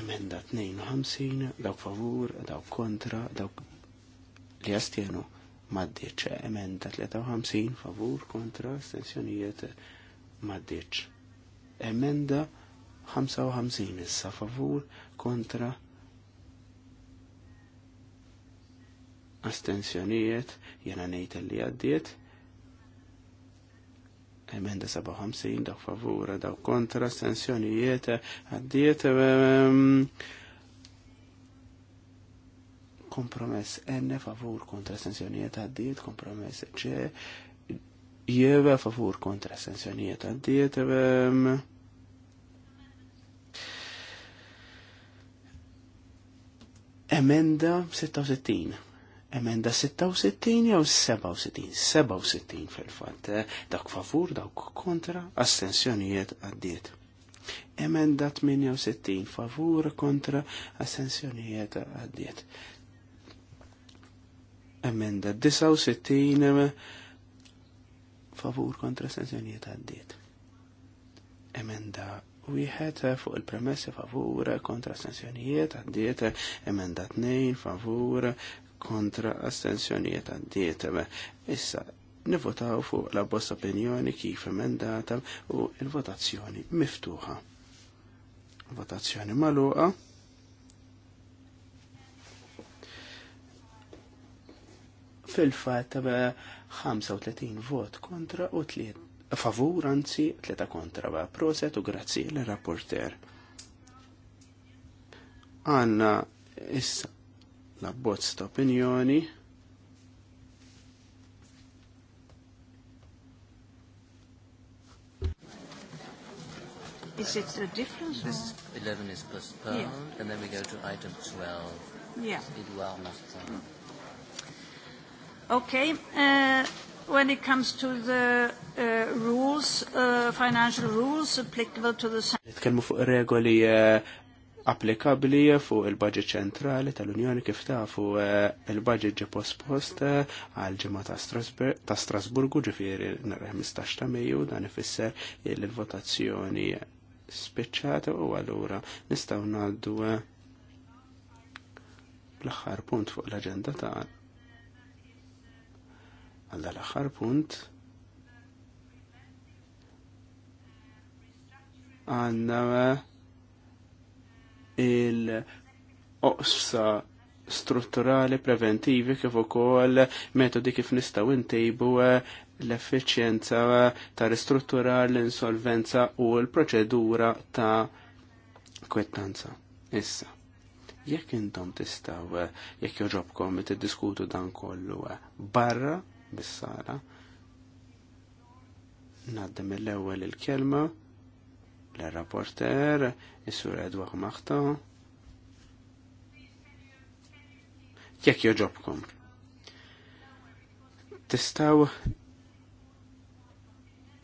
emenda 52 dak favur dak kontra dak li jastienu maddieċ. emenda 53 favur kontra astensjonijiet maddieċ. Emenda 55 issa favur kontra astensjonijiet jena nejt li għaddiet emenda 57 dak favur daw kontra astensjonijiet għaddiet kompromess n favur kontra astensjonijiet għaddiet kompromess ċe jeve favur kontra sensjonijiet għaddiet emenda 66 emenda 66 jew 67, 67 fil-fatt, dak favur, dak kontra, assenzjonijiet għaddiet. Emenda 68 favur kontra assenzjonijiet għaddiet. Emenda 69 favur kontra astensjonijiet għaddiet. Emenda wieħed fuq il-premessi favur kontra astensjonijiet għaddiet, emenda tnejn favur kontra astensjonijiet għaddiet. Issa, nivotaw fuq la bosta opinjoni kif emendata u il-votazzjoni miftuħa. Votazzjoni maluqa. fil-fat 35 vot kontra u 3 favur, anzi 3 kontra ba' proset u grazzi l-rapporter. Għanna issa la bozz ta' opinjoni. Is it a difference? This 11 is postponed, yeah. and then we go to item 12. Yeah. Edouard Martin. Mm. Okay. Uh, when it comes to the uh, rules, uh, financial rules applicable to the... Nitkellmu fuq regoli uh, applikabli fuq il-budget ċentrali tal-Unjoni kif tafu uh, il-budget ġie post-post uh, għal ġimgħa ta' Strasburgu ġifieri nhar 15 ta' Mejju dan ifisser il-votazzjoni spiċċata u allura nistgħu ngħaddu l-aħħar punt fuq l-aġenda ta' għal l-aħħar punt għanna il-oqsa strutturali preventivi kif ukoll metodi kif nistgħu ntejbu eh, l-effiċjenza eh, ta' ristrutturar l-insolvenza u l-proċedura ta' kwettanza. Issa, jekk intom tistgħu eh, jekk joġobkom tiddiskutu dan kollu barra bis-sara. Naddem l-ewwel il-kelma l-rapporter, is-sur Edwa Maħta. Jekk joġobkom. Tistaw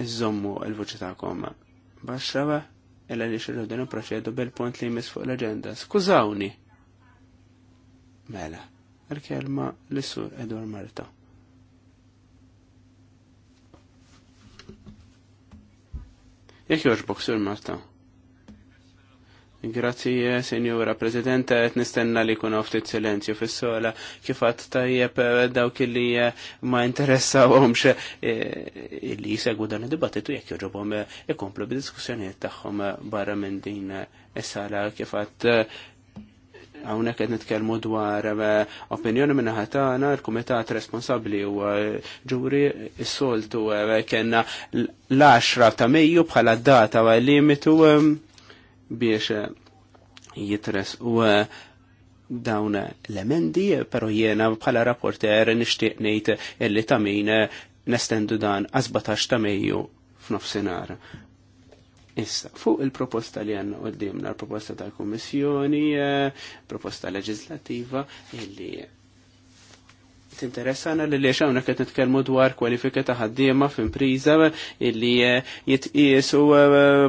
iżommu l-voċi tagħkom baxxawa illa li xirru din proċedu bil-punt li jmiss fuq l-aġenda. Skużawni. Mela, l-kelma l-sur Edward Marta. Jek joġbok sur Marta. Grazzi, Senjura Presidente, et nistenna li kuna ftit silenzju fissola, kifat tajjeb dawk li eh, ma interessawhomx eh, li jisegwu dan id-dibattitu jekk joġobhom eh, ikomplu bi diskussjoniet taħħom barra minn din is-sala kif Għawnek għed nitkelmu dwar eh, opinjoni minna ħatana, il-komitat responsabli u eh, ġuri s-soltu eh, kena l-10 ta' Mejju bħala data limitu biex jitres u dawn l-emendi, pero jiena bħala rapporter nishtiq nejt illi ta' min nestendu dan għazbatax ta' Mejju f'nofsinhar. Issa, fuq il-proposta li għanna għoddimna, l-proposta tal-Kommissjoni, eh, proposta leġislativa, illi Interessana li li xawna qed nitkellmu dwar kwalifika ta' ħaddiema f'impriża illi eh, jitqiesu eh,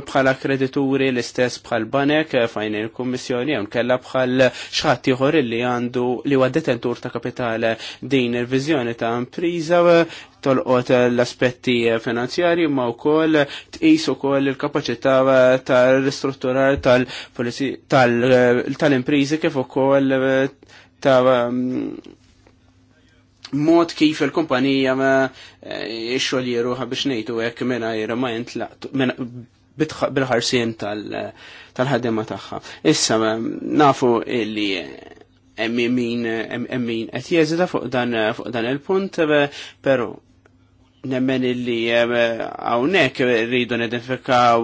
bħala kredituri l-istess bħal banek eh, fajn il-kummissjoni hawn kella bħal xħat ieħor illi għandu li huwa detentur ta' kapitale din il vizjoni ta' impriża tolqot l-aspetti finanzjari ma wkoll tqis ukoll il-kapaċità tal-ristrutturar tal-impriżi kif ukoll ta' mod kif il-kumpanija eh, xogħol jiruħa biex ngħidu hekk mingħajr ma jintlaqtu bil-ħarsien tal-ħadema tagħha. Issa nafu illi emmin emmin qed jeżida fuq dan fuq dan il-punt, eh, però nemmen illi eh, hawnhekk rridu nidentifikaw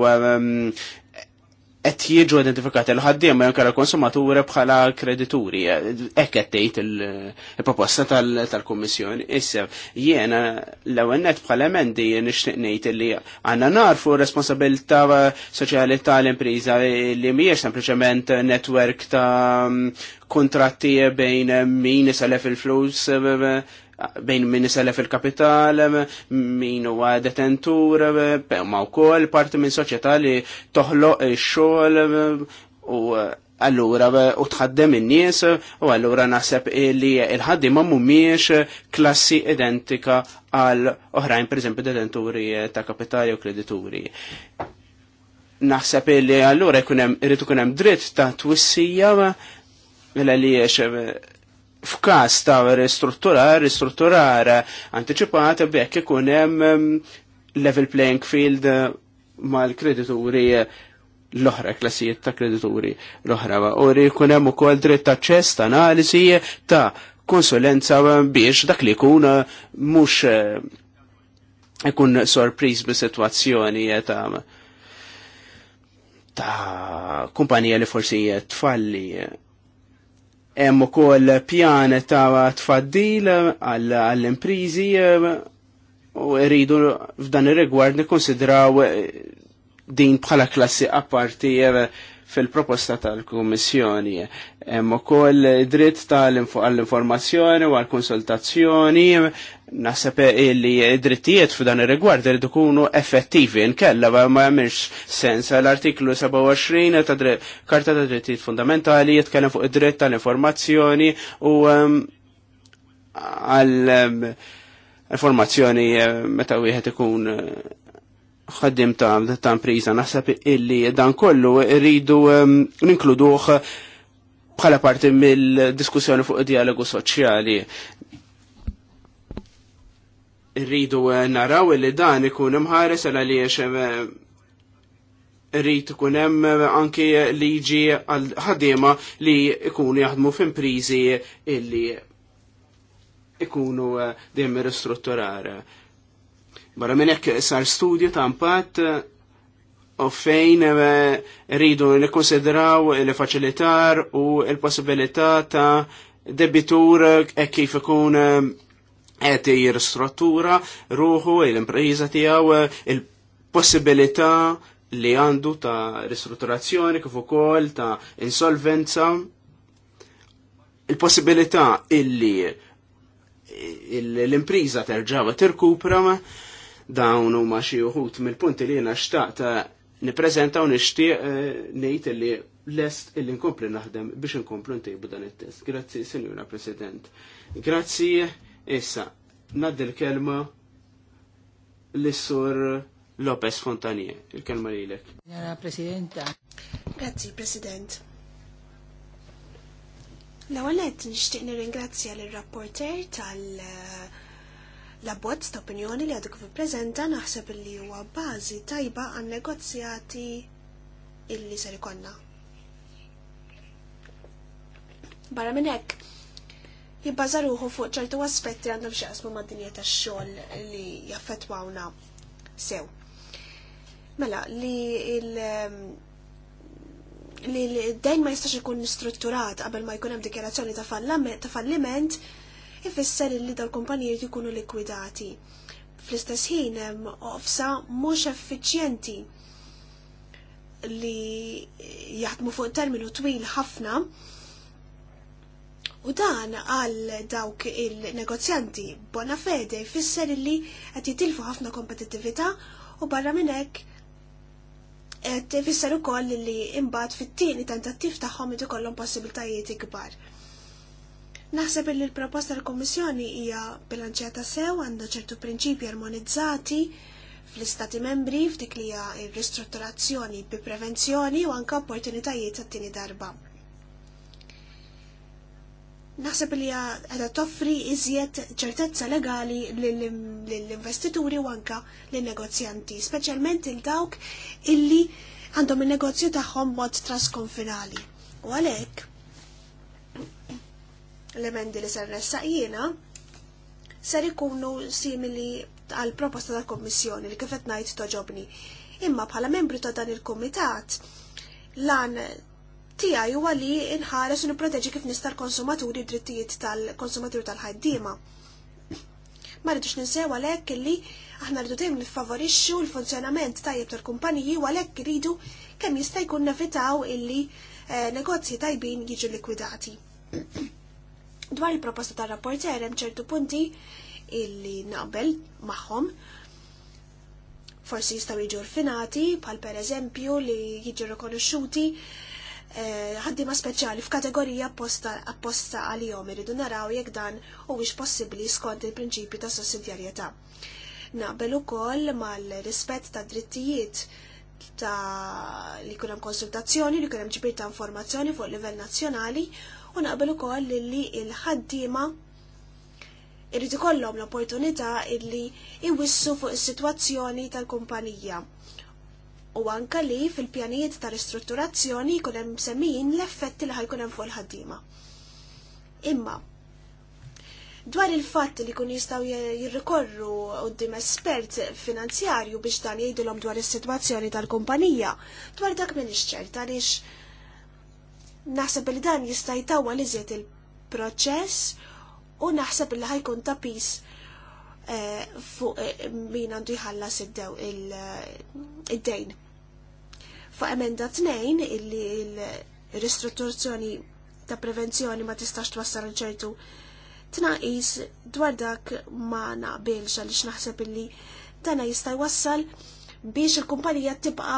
qed jiġu identifikati l-ħaddiem ma jankara konsumaturi bħala kredituri. Hekk qed tgħid il-proposta tal-Kummissjoni. Issa jiena l-ewwel net bħala emendi nixtieq ngħid li għandna narfu responsabilità soċjali tal-impriża li mhijiex sempliċement netwerk ta' mm, kontratti bejn min isalef il-flus bejn min iselef il-kapital, min u detentur, ma wkoll parti minn soċieta li toħloq ix-xogħol u eh, allura eh, u tħaddem in-nies u allura naħseb li il ma' mhumiex klassi identika għal oħrajn pereżempju detenturi eh, ta' kapitali u kredituri. Naħseb li allura jkun hemm irid ikun hemm dritt ta' twissija mela li f'każ ta' ristrutturar, ristrutturar anticipata bekk ikun hemm level playing field eh, mal-kredituri eh, l-oħra, klasijiet ta' kredituri l-oħra. U jkun hemm ukoll dritt ta' ċess ta' analisi ta' konsulenza biex dak li jkun eh, mhux ikun sorpriż bi sitwazzjoni ta' ta' kumpanija li forsi tfalli Hemm ukoll pjan ta' tfaddil għall-imprizi eh, u rridu f'dan ir-rigward nikkonsidraw eh, din bħala klassi apparti eh, fil-proposta tal-Kummissjoni. Hemm ukoll dritt tal-informazzjoni u għall-konsultazzjoni Nasab li drittijiet f'dan ir-rigward irid kunu effettivi nkella ma jagħmilx sens l-artiklu 27 ta' Karta ta' Drittijiet Fundamentali jitkellem fuq id-dritt tal-informazzjoni u ehm, għal ehm, informazzjoni ehm, meta wieħed ikun eh, ħaddim ta' ta' impriża naħseb illi dan kollu rridu ninkluduh bħala parti mill-diskussjoni fuq id dialogu soċjali rridu eh, naraw li dan ikun imħares għal għaliex eh, rrid ikun hemm eh, anki liġi għal ħaddiema li jkunu jaħdmu f'imprizi illi ikunu dejjem ristrutturar. Barra minn hekk sar studju ta' impatt u fejn rridu nikkonsidraw il-faċilitar u l-possibilità ta' debitur kif ikun qed struttura ruħu l-impreża tiegħu il-possibilità li għandu ta' ristrutturazzjoni kif ukoll ta' insolvenza il-possibilità illi l-impriża terġa' tirkupra dawn huma xi uħut mill-punti li jiena xtaqt eh, nippreżenta u nixtieq eh, ngħid illi lest illi nkompli naħdem biex inkomplu ntejbu dan it-test. Grazzi, Sinjura President. Grazzi Issa, nad l-kelma l-sur Lopez Fontanie, il-kelma li l-ek. Jara, Presidenta. Grazzi, President. L-għonet nishtiq nir-ingrazzja l-rapporter tal- La bot ta' opinjoni li għaduk fi prezenta naħseb li huwa bażi tajba għan negozjati illi ser ikonna. Barra minn hekk, jibbażaruħu fuq ċertu aspetti għandhom xaqsmu ma' dinja ta' xogħol li jaffetwawna sew. Mela, li il- ehm, li l-dejn ma jistax ikun strutturat qabel ma jkun hemm dikjerazzjoni ta' falliment, ifisser li dawn kumpanijiet ikunu likwidati. Fl-istess ħin hemm ofsa mhux effiċjenti li jaħdmu fuq terminu twil ħafna U dan għal dawk il-negozjanti bona fede fisser li qed jitilfu ħafna kompetitività u barra minn hekk qed u ukoll li imbagħad fit-tieni tentattiv tagħhom id ikollhom possibiltajiet ikbar. Naħseb li l-proposta tal-Kummissjoni hija bilanċjata sew għandha ċertu prinċipji armonizzati fl-istati membri f'dik li hija r-ristrutturazzjoni bi prevenzjoni u anke opportunitajiet tat-tieni darba. Naħseb li għada toffri iżjed ċertezza legali l-investituri u anka l-negozjanti, specialment il-dawk illi għandhom il-negozju tagħhom mod trasconfinali. U għalhekk l-emendi li ser jiena ser ikunu simili għal proposta ta' kommissjoni li kifet ngħid toġobni. Imma bħala membri ta' dan il-kumitat lan tiegħi huwa li nħares u nipproteġi kif nistar konsumaturi drittijiet tal konsumaturi tal ħaddima Ma rridux ninsew għalhekk li aħna rridu dejjem niffavorixxu l-funzjonament tajjeb tal-kumpaniji u għalhekk iridu kemm jista' jkun nevitaw illi eh, negozji tajbin jiġu likwidati. [CLEARS THROAT] Dwar il-proposta tar-rapporter hemm ċertu punti illi naqbel magħhom forsi jistgħu jiġu rfinati, bħal pereżempju li jiġu rikonoxxuti Eh, ħaddima speċjali f'kategorija apposta għalihom iridu naraw jekk dan huwiex possibbli skont il-prinċipju ta' sussidjarjetà. Naqbel ukoll mal-rispett ta' drittijiet ta' li jkun hemm konsultazzjoni, li jkun hemm ġbir ta' informazzjoni fuq livell nazzjonali u naqbel ukoll li l-ħaddiema irrid ikollhom l-opportunità illi iwissu fuq is-sitwazzjoni tal-kumpanija u anka li fil-pjanijiet ta' ristrutturazzjoni jkun hemm semmijin l-effetti li ħajkun hemm fuq il-ħaddiema. Imma dwar il-fatt li kun jistaw jirrikorru għoddim espert finanzjarju biex dan jgħidilhom dwar is-sitwazzjoni tal-kumpanija, dwar dak minn ċert għaliex naħseb li dan jista' jtawwa li żiet il-proċess u naħseb li ħajkun tapis eh, fuq eh, min għandu jħallas eh, id-dejn. Fuq emenda 2 illi l-ristrutturazzjoni ta' prevenzjoni ma tistax wassar ċertu tnaqis dwar dak ma naqbilx għaliex naħseb illi dana jista' jwassal biex il-kumpanija tibqa'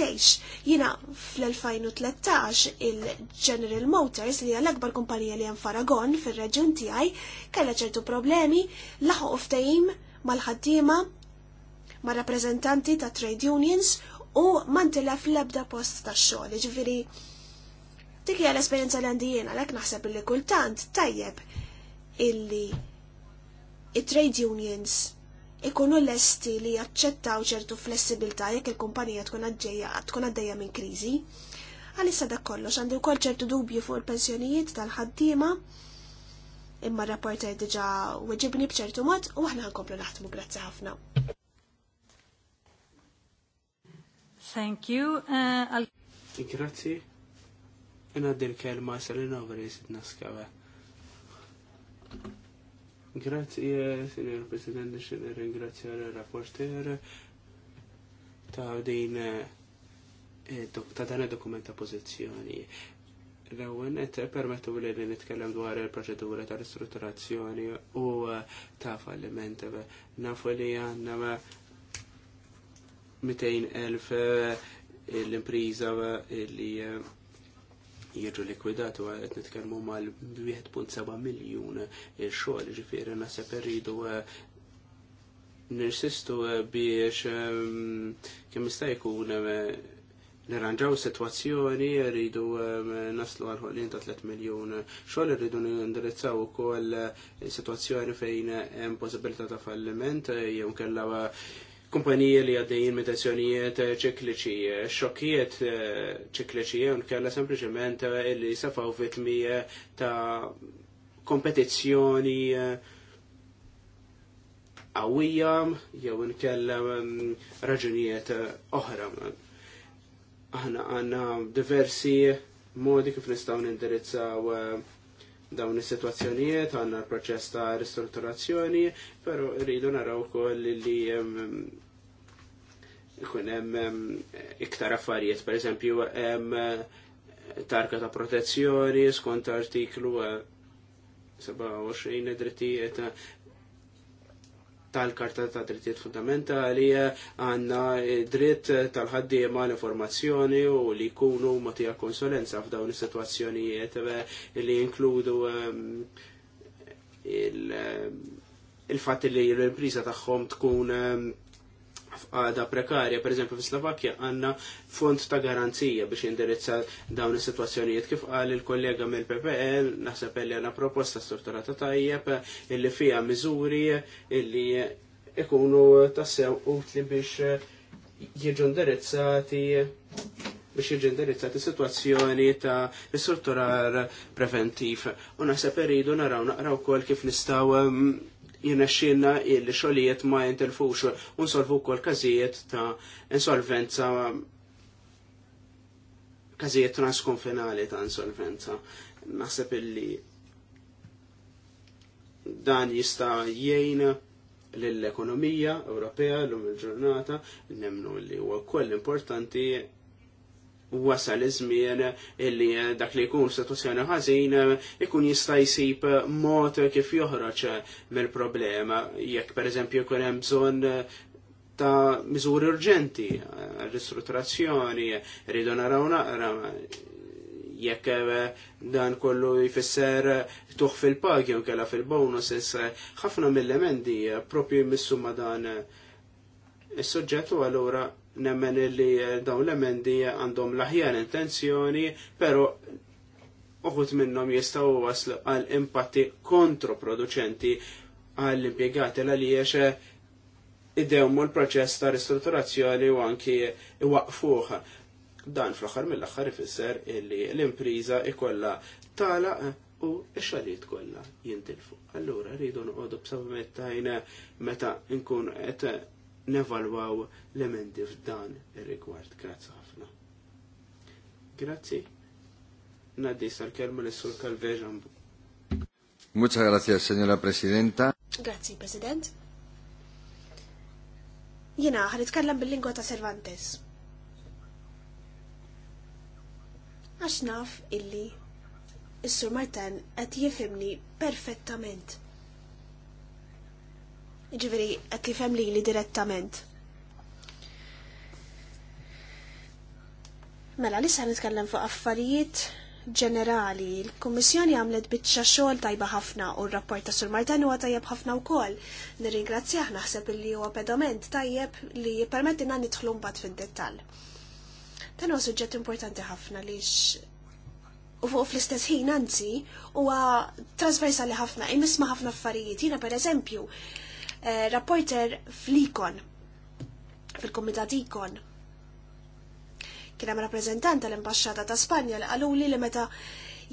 tgħix. Jiena fl-2013 il-General Motors li hija l-akbar kumpanija li hemm Faragon fir-reġjun tiegħi kellha ċertu problemi laħu ftehim mal-ħaddiema ma' rappreżentanti ta' trade unions u mantilla fl-ebda post ta' xogħol, ġifieri dik hija l-esperjenza l ek għalhekk naħseb illi kultant tajjeb illi it-trade unions ikunu lesti li jaċċettaw ċertu flessibilta jekk il-kumpanija tkun għaddejja tkun minn kriżi. Għalissa dak kollox għandi wkoll ċertu dubju fuq il-pensjonijiet tal-ħaddiema imma r-rapporter diġa weġibni bċertu mod u aħna għankomplu naħdmu grazzi ħafna. Thank you. Uh, Grazzi. Inaddi l-kelma Selina Overis naskawa. Grazzi, eh, Signor Presidente, xin ringrazzjare il-rapporter ta' din eh, eh, ta' dan dokumenta pozizjoni. L-ewwel qed permettu li nitkellem dwar il-proċedura ta' ristrutturazzjoni u ta' falliment. Nafu li għandna 200.000 eh, l-impriża eh, li eh, jirġu likwidati u għet nitkelmu mal 1.7 miljon xogħol ġifiri naħseb irridu nirsistu biex kemm jista' jkun nirranġaw situazzjoni rridu naslu għal ħolin ta' 3 miljon. Xogħol rridu nindirizzaw ukoll situazzjoni fejn hemm possibilità ta' falliment jew kellha Kumpanija li għaddejjin minn eh, ċikliċi, eh, xokkijiet eh, ċikliċi, unkella sempliciment li safaw vitmi ta' kompetizzjoni għawija jew inkella mm, raġunijiet oħra. Aħna għanna diversi modi kif nistgħu nindirizzaw dawn is-sitwazzjonijiet għandna l-proċess ta' ristrutturazzjoni, però rridu naraw ukoll li ikun hemm iktar affarijiet, pereżempju hemm eh, tarka ta' protezzjoni skont artiklu 27 eh, drittijiet eh, tal-karta ta' drittijiet fundamentali għanna dritt tal-ħaddiema l-informazzjoni u li jkunu matija konsulenza f'dawn is-sitwazzjonijiet li jinkludu il-fatt li l-impriża tagħhom tkun f'għada prekarja, per eżempju fil-Slovakkja għanna fond ta' garanzija biex indirizza dawn is-sitwazzjonijiet kif qal il-kollega mill-PPL, e, naħseb li għanna proposta strutturata tajjeb illi fija miżuri illi ikunu tassew utli biex jiġu indirizzati biex jiġi indirizzati situazzjoni ta' strutturar preventiv. U naħseb irridu naraw naqraw kol kif nistaw mm, jirnexxinna il xogħlijiet ma jintilfux u nsolvu wkoll każijiet ta' insolvenza każijiet transkonfinali ta' insolvenza. Naħseb illi dan jista' jgħin l-ekonomija Ewropea l-lum il-ġurnata, nemnu li huwa koll importanti wasal iż-żmien illi dak li jkun situazzjoni ħażin ikun jista' jsib mod kif joħroġ mill-problema jekk pereżempju jkun hemm bżonn ta' miżuri urġenti, ristrutturazzjoni, rridu naraw naqra jekk dan kollu jfisser tuħ fil-pagi u kella fil-bonuses, ħafna mill-emendi propju ma dan is-suġġettu allura nemmen li eh, dawn l-emendi għandhom laħjar intenzjoni, pero uħut minnom jistaw waslu għal impatti kontroproducenti għall impiegati l-għaliex eh, idewmu l-proċess ta' ristrutturazzjoni u anki waqfuħ. Dan fl-axar mill-axar ifisser illi l-impriża ikolla tala eh, u xalit kolla jintilfu. Allura rridu nqodu b'sabmettajna meta nkun qed nevalwaw l-elementi f'dan ir-rigward. Grazzi ħafna. Grazzi. Naddi sal-kelma l-Sur Calvejan. Muchas gracias, signora Presidenta. Grazzi, President. Jena, ħanitkellem bil-lingwa ta' Cervantes. Għax naf illi il sur Martin qed jifimni perfettament. Ġifieri qed tifhem lili direttament. Mela li sa nitkellem fuq affarijiet ġenerali, il-Kummissjoni għamlet bitċa xogħol tajba ħafna u r-rapport Sur Martin huwa tajjeb ħafna wkoll. Nirringrazzjah naħseb li huwa pedament tajjeb li jippermettilna nidħlu mbagħad fid-dettall. Dan huwa suġġett importanti ħafna li u fuq fl-istess ħin anzi huwa trasversali ħafna, imisma' ħafna affarijiet. Jiena pereżempju Eh, rapporter flikon, fil-komitat ikon. Kien hemm rappreżentant tal embaxxata ta' Spanja li qalu li meta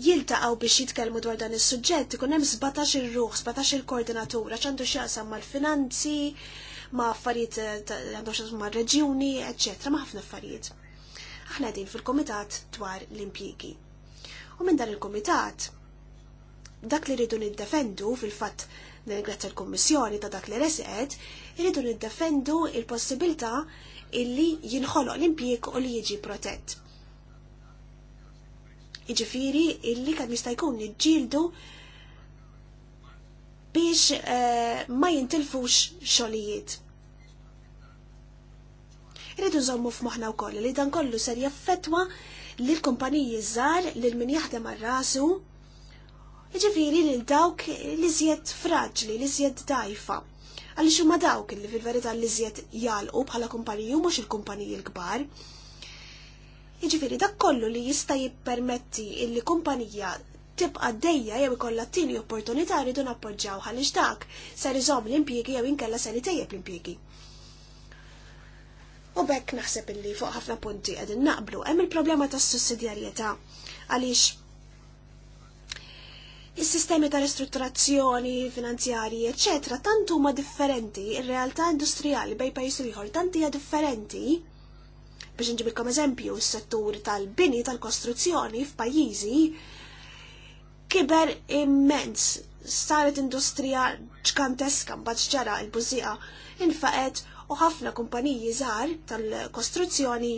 jiltaqgħu biex jitkellmu dwar dan is-suġġett ikun hemm 17 il-ruħ, 17 il-koordinatura ċandu x'jaqsam mal-finanzi, ma' affarijiet eh, għandhom xi ma' reġjuni, eċċetra, ma' ħafna affarijiet. Aħna qegħdin fil-kumitat dwar l-impjiegi. U minn dan il-kumitat dak li rridu niddefendu fil-fatt nirringrazzja l-Kummissjoni ta' dak li resqed, irridu niddefendu il-possibilità illi jinħoloq l-impjieg u li jiġi protett. Iġifiri illi kan jista' jkun niġġieldu biex eh, ma jintilfux xogħlijiet. Irridu nżommu f'moħħna wkoll li dan kollu ser jaffettwa lil kumpaniji żgħar lil min jaħdem ar-rasu ġifiri lil dawk li zjed fraġli, li zjed dajfa. Għalli xumma dawk li fil-verita li zjed jalqu bħala kumpaniju mux il-kumpaniji l-kbar. Iġifiri, dak kollu li jista jippermetti illi kumpanija tibqa d-dejja jew ikolla t-tini opportunità rridu nappoġġaw għaliex dak ser iżom l-impjiegi jew inkella ser itejjeb l-impjiegi. U bekk naħseb illi fuq ħafna punti qegħdin naqblu hemm il-problema tas-sussidjarjetà għaliex Is-sistemi ta' ristrutturazzjoni finanzjarji, eccetera, tant huma differenti, ir-realtà industrijali bej pajjiż ieħor tant hija differenti. Biex nġibilkom eżempju, s-settur tal-bini tal-kostruzzjoni f'pajjiżi kiber immens, saret industrija ġkanteska mbagħad ġara l-bużija infaqet u ħafna kumpaniji żgħar tal-kostruzzjoni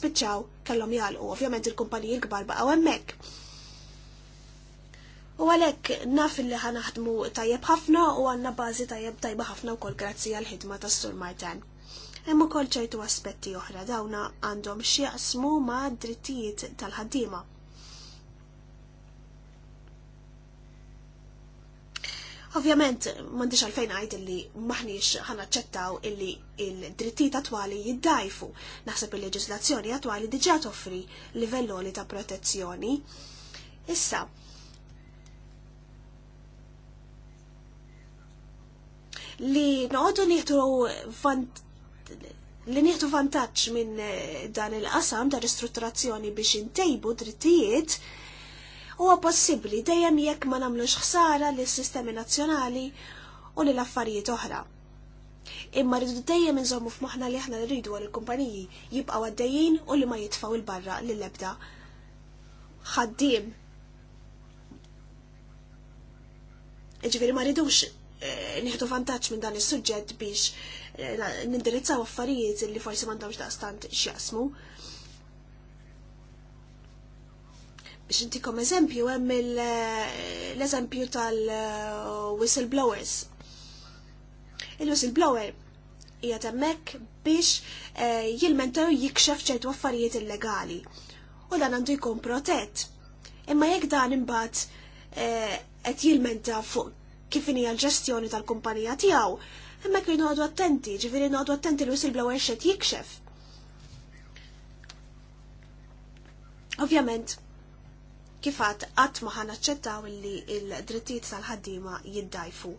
spiċċaw kellhom jalqu. Ovvjament il-kumpaniji l-kbar baqgħu hemmhekk U għalek naf li ħanaħdmu tajjeb ħafna u għanna bazi tajjeb tajba ħafna u kol grazzi għal-ħidma ta' Sur Martin. Hemm ukoll ċertu aspetti oħra dawna għandhom x'jaqsmu ma' drittijiet tal-ħaddiema. Ovvjament, mandiċ għalfejn għajt illi maħniex ħanaċċettaw illi il-drittijiet attwali jiddajfu. Naħseb il-leġislazzjoni attwali diġa toffri livelloli ta' protezzjoni. Issa, li noqogħdu nieħdu li nieħdu vantaġġ minn eh, dan il-qasam ta' ristrutturazzjoni biex intejbu drittijiet huwa possibbli dejjem jekk ma nagħmlux ħsara lis sistemi nazzjonali u lil affarijiet oħra. Imma rridu dejjem inżommu f'maħna li aħna rridu għal il-kumpaniji jibqgħu għaddejjin u li ma jitfgħu il-barra lill-ebda ħaddiem. Iġifieri ma rridux Eh, nieħdu vantaġġ minn dan is-suġġett biex eh, nindirizzaw affarijiet li forsi m'għandhomx daqstant x'jaqsmu. Biex intikom eżempju hemm eh, l-eżempju tal-whistleblowers. Il-whistleblower hija temmek biex jilmentaw jikxef ċertu affarijiet illegali. U dan għandu jkun protett. Imma jekk dan imbagħad qed jilmenta fuq kif hija l-ġestjoni tal-kumpanija tiegħu. Imma kien noqgħdu attenti, ġifieri noqgħdu attenti li whistleblower xed jikxef. Ovvjament, kifat qatt ma ħan aċċettaw li l-drittijiet tal-ħaddiema jiddajfu.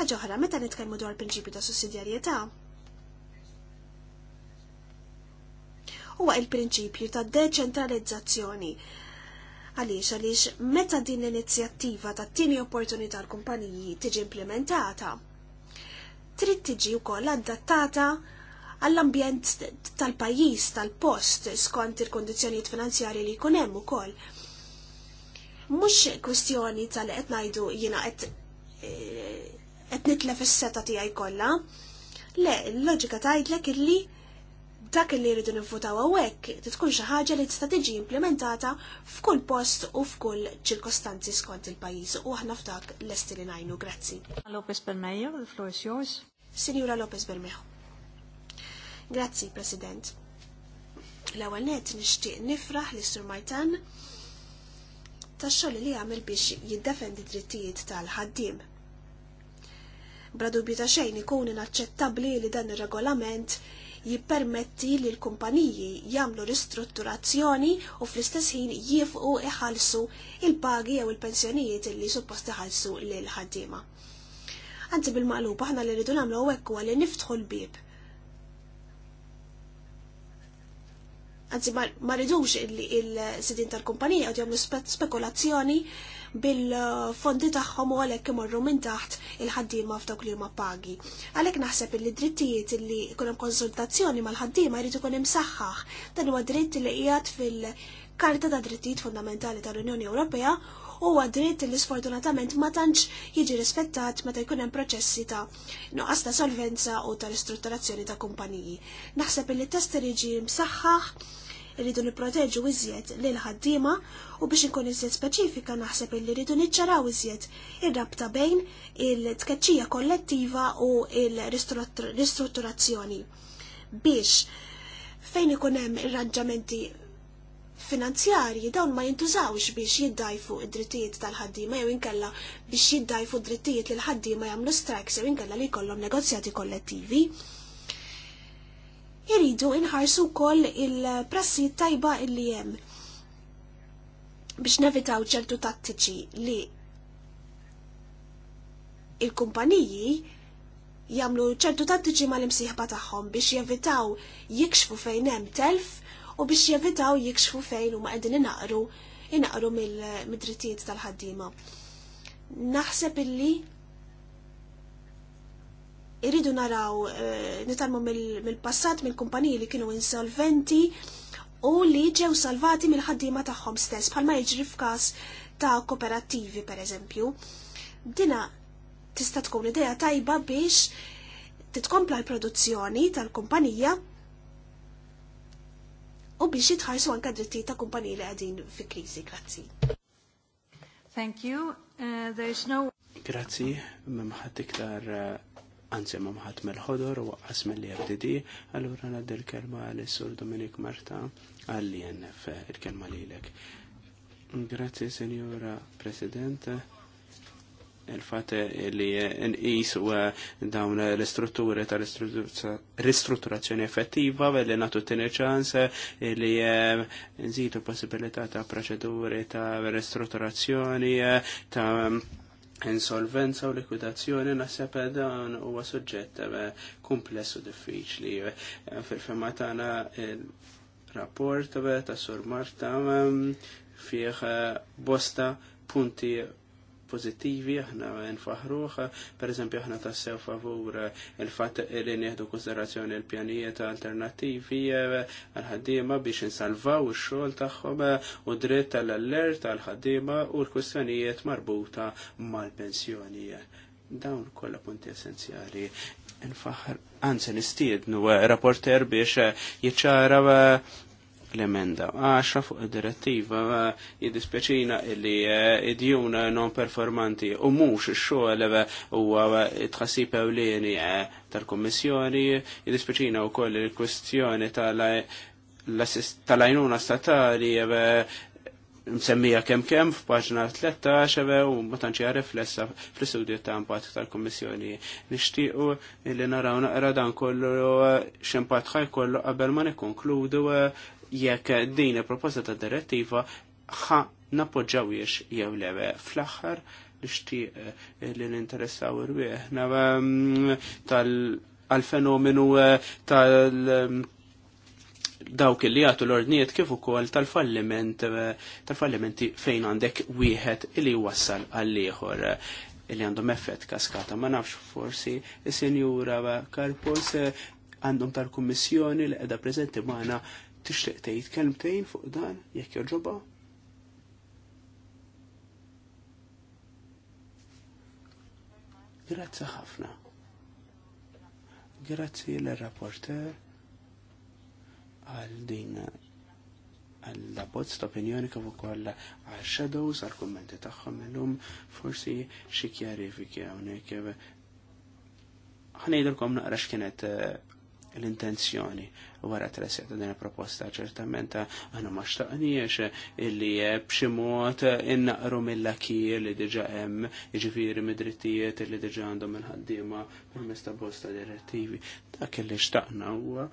Ħaġa oħra, meta nitkellmu dwar prinċipju ta' sussidjarjetà, huwa il-prinċipju ta' deċentralizzazzjoni Għaliex għaliex meta din l-inizjattiva ta' tini opportunità l-kumpaniji tiġi implementata, trid tiġi wkoll adattata għall-ambjent tal-pajjiż tal-post skont il-kondizzjonijiet finanzjarji li jkun hemm ukoll. Mhux kwistjoni tal qed ngħidu jiena qed eh, qed nitlef is-seta tiegħi kollha. Le, l-loġika tgħidlek illi dak li rridu nifutaw għawek titkun xi ħaġa li tista' tiġi implementata f'kull post u f'kull ċirkostanzi skont il-pajjiż u aħna f'dak lesti li ngħinu grazzi. Lopez Bermejo, the floor is yours. Sinjura Lopez Bermejo. Grazzi, President. L-ewwel nett nixtieq nifraħ li Sur Martan tax-xogħol li għamel biex jiddefendi drittijiet tal-ħaddiem bla dubju ta' xejn ikun inaċċettabbli li dan ir-regolament jippermetti li l-kumpaniji jagħmlu ristrutturazzjoni u fl-istess ħin jifqu iħallsu il-pagi jew il-pensjonijiet li suppost iħallsu l ħaddiema. Anzi bil-maqlub aħna li rridu nagħmlu hekk huwa li niftħu l-bib. Anzi ma rridux il-sidin tal-kumpanija qed jagħmlu spekulazzjoni bil-fondi tagħhom u għalhekk imorru minn taħt il-ħaddiema f'dawk li huma pagi. Għalhekk naħseb li drittijiet li jkun hemm konsultazzjoni mal-ħaddiema jrid ikun imsaħħaħ. Dan huwa dritt li qiegħed fil-Karta ta' Drittijiet Fundamentali tal-Unjoni Ewropea u dritt li sfortunatament ma tantx jiġi rispettat meta jkun hemm proċessi ta' nuqqas ta' solvenza u ta' ristrutturazzjoni ta' kumpaniji. Naħseb li test jiġi msaħħaħ rridu niproteġu iżjed lil ħaddiema u biex inkun iżjed speċifika naħseb illi rridu niċċaraw iżjed ir-rabta bejn il-tkeċċija kollettiva u il-ristrutturazzjoni. Biex fejn ikun hemm irranġamenti finanzjarji dawn ma jintużawx biex jiddajfu id-drittijiet tal-ħaddiema jew inkella biex jiddajfu d-drittijiet li l-ħaddiema jagħmlu strikes jew inkella li jkollhom negozjati kollettivi. Iridu inħarsu wkoll il-prassi tajba illi hemm biex nevitaw ċertu tattiċi li il-kumpaniji jagħmlu ċertu tattiċi mal-imsieħba tagħhom biex jevitaw jikxfu fejn hemm telf u biex jevitaw jikxfu fejn huma qegħdin inaqru inaqru mill-drittijiet tal-ħaddiema. Naħseb illi irridu naraw eh, nitalmu mill-passat mill-kumpaniji li kienu insolventi u li ġew salvati mill-ħaddima tagħhom stess bħalma jiġri f'każ ta' kooperattivi pereżempju. Dina tista' tkun idea tajba biex titkompla l-produzzjoni tal-kumpanija u biex jitħarsu anke dritti ta' kumpaniji li għadin fi kriżi. Grazzi. Thank you. Uh, there is no... Grazzi, memħat iktar uh, anzi ma maħat mel ħodor u waqqas mill-FDD, allura naddi il kelma għal-Sur Dominik Marta għall-INF, il-kelma lilek. Grazie, Senjora President il-fat li n-is u dawn l-istrutturi tal-ristrutturazzjoni effettiva li natu t-tini ċans li nżidu possibilità ta' proċeduri ta' l-istrutturazzjoni ta' insolvenza u likwidazzjoni naħseb dan huwa suġġett eh, kumpless u diffiċli. Eh, fil-fema tagħna il-rapport eh, ta' Sur Marta fih bosta punti pozittivi, aħna nfaħruħ, per eżempju aħna tassew favur il-fat li nieħdu konsiderazzjoni l-pjanijiet alternativi eh, għal-ħaddiema biex insalvaw ix-xogħol tagħhom eh, u dritt tal-allert għal ħaddiema u l-kwistjonijiet marbuta mal-pensjoni. Dawn kollha punti essenzjali. Nfaħar, anzi nistiednu eh, rapporter biex jiċċara l-emenda 10 fuq id-direttiva eh, jiddispeċina illi eh, id-djuna non performanti u mux xoħal eh, u tħassib ewlieni tal-Kommissjoni jiddispeċina u koll il-kwestjoni tal-ajnuna statali msemmija kem kem f'paġna 13 u matanċi għarif l-essa fl-istudju ta' impatt tal komissjoni Nishtiqu li naraw naqra dan kollu ximpat kollu qabel ma nikkonkludu jekk din il-proposta ta' direttiva ħa jiex jew lewe fl-aħħar nixtieq eh, li ninteressaw irwieħ. tal-fenomenu tal eh, dawk li jagħtu l-ordnijiet kif ukoll tal-falliment eh, tal-fallimenti fejn għandek wieħed li wassal għal ieħor li għandhom effett kaskata. Ma nafx forsi is-senjura Karpos għandhom tal-kummissjoni li qiegħda preżenti magħna tixtieq tgħid kelmtejn fuq dan jekk joġobha? Grazzi ħafna. Grazzi l-rapporter għal din għalla bozz ta' opinjoni kif ukoll għal shadows għal kummenti tagħhom illum forsi xi kjarifiki hawnhekk ħanejdilkom naqra x'kienet eh, l-intenzjoni wara treset din il-proposta ċertament aħna ma xtaqniex illi bximot mod innaqru mill-akil li diġa hemm jiġifieri mid-drittijiet li diġa għandhom il-ħaddiema permezz ta' bosta direttivi. Dak li xtaqna huwa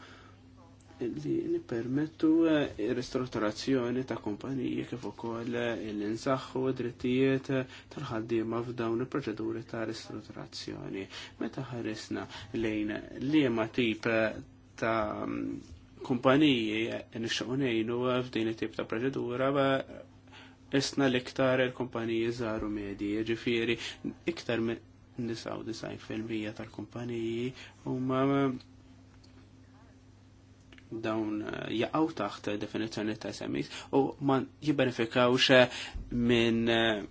li nipermettu eh, ristrutturazzjoni ta' kumpaniji kif ukoll eh, li insaħħu drittijiet tal-ħaddiema f'dawn il-proċeduri ta' ristrutturazzjoni. Meta ħaresna lejn liema tip ta' kumpaniji eh, nixxonejnu f'din it-tip ta' proċedura isna l-iktar il-kumpaniji żaru medji, ġifiri, iktar minn 99% tal-kumpaniji huma dawn eh, jaqaw taħt definizjoni ta' SMEs u ma jibbenefikawx eh, minn eh,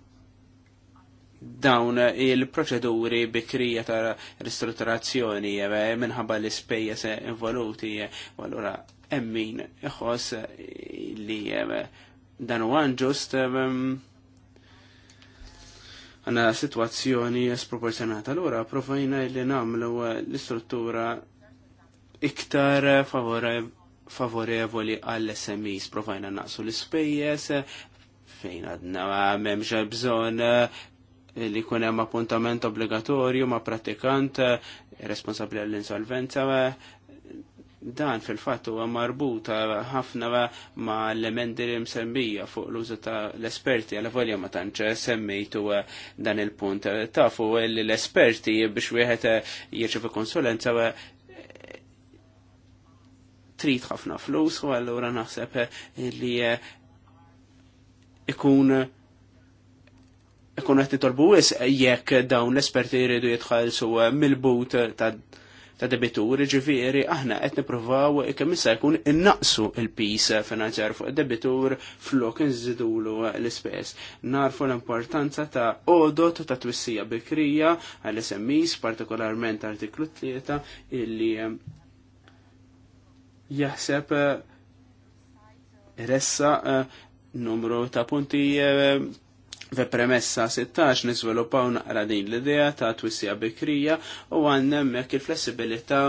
dawn il-proċeduri bikrija ta' ristrutturazzjoni minħabba l se involuti u allura emmin iħos li dan u ġust għanna situazzjoni sproporzjonata. Allura provajna li namlu l-istruttura iktar favorevoli għall-SMEs provajna naqsu l-spejjes fejn għadna memġa bżon eh, li kun hemm appuntament obbligatorju ma' pratikant eh, responsabbli għall-insolvenza eh, dan fil-fatt huwa marbuta ħafna ma' l-emendi li msemmija fuq l-użu ta' l-esperti għal volja ma tantx semmejtu dan il-punt. Tafu l-esperti biex wieħed jirċevi konsulenza trid ħafna flus u allura naħseb eh, li eh, ikun eh, ikun qed titolbu wis jekk dawn l-esperti jridu jitħallsu mill-but ta' ta' debitur, ġifiri, aħna qed nippruvaw kemm issa jkun innaqsu il-pis finanzjar fuq debitur flok nżidulu l-ispess. Narfu l-importanza ta' odot ta' twissija bikrija għall SMIs, partikolarment artiklu 3 illi jaħseb eh, ressa eh, numru ta' punti eh, ve premessa 16 nizvilupaw naqra din l-idea ta' twissija bikrija u għannem il-flessibilita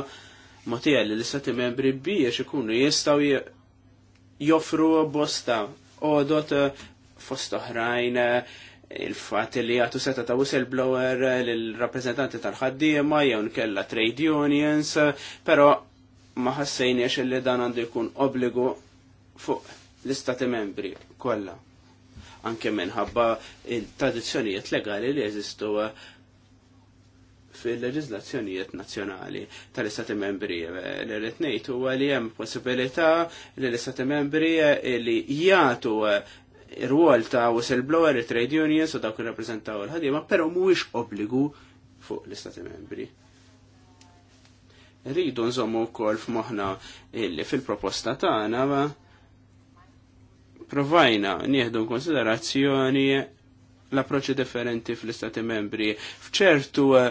motija li l-istati membri biex ikunu jistaw joffru bosta dot fost oħrajn il-fat li għatu seta ta' whistleblower l-rappresentanti tal-ħaddiema jew nkella trade unions, pero ma ħassejniex li dan għandu jkun obbligu fuq l-istati membri kollha. Anke minħabba il-tradizzjonijiet legali li jeżistu fil-leġizlazzjonijiet nazzjonali tal-istati membri li rrid ngħid huwa li hemm possibilità li l-istati membri li jagħtu ir-rwol ta' whistleblower, trade unions u dawk il-reprezentaw il-ħadima, però mhuwiex obbligu fuq l-istati membri rridu nżommu wkoll f'moħħna illi fil-proposta tagħna ma provajna nieħdu konsiderazzjoni l-approċċi differenti fl-istati membri. F'ċertu eh,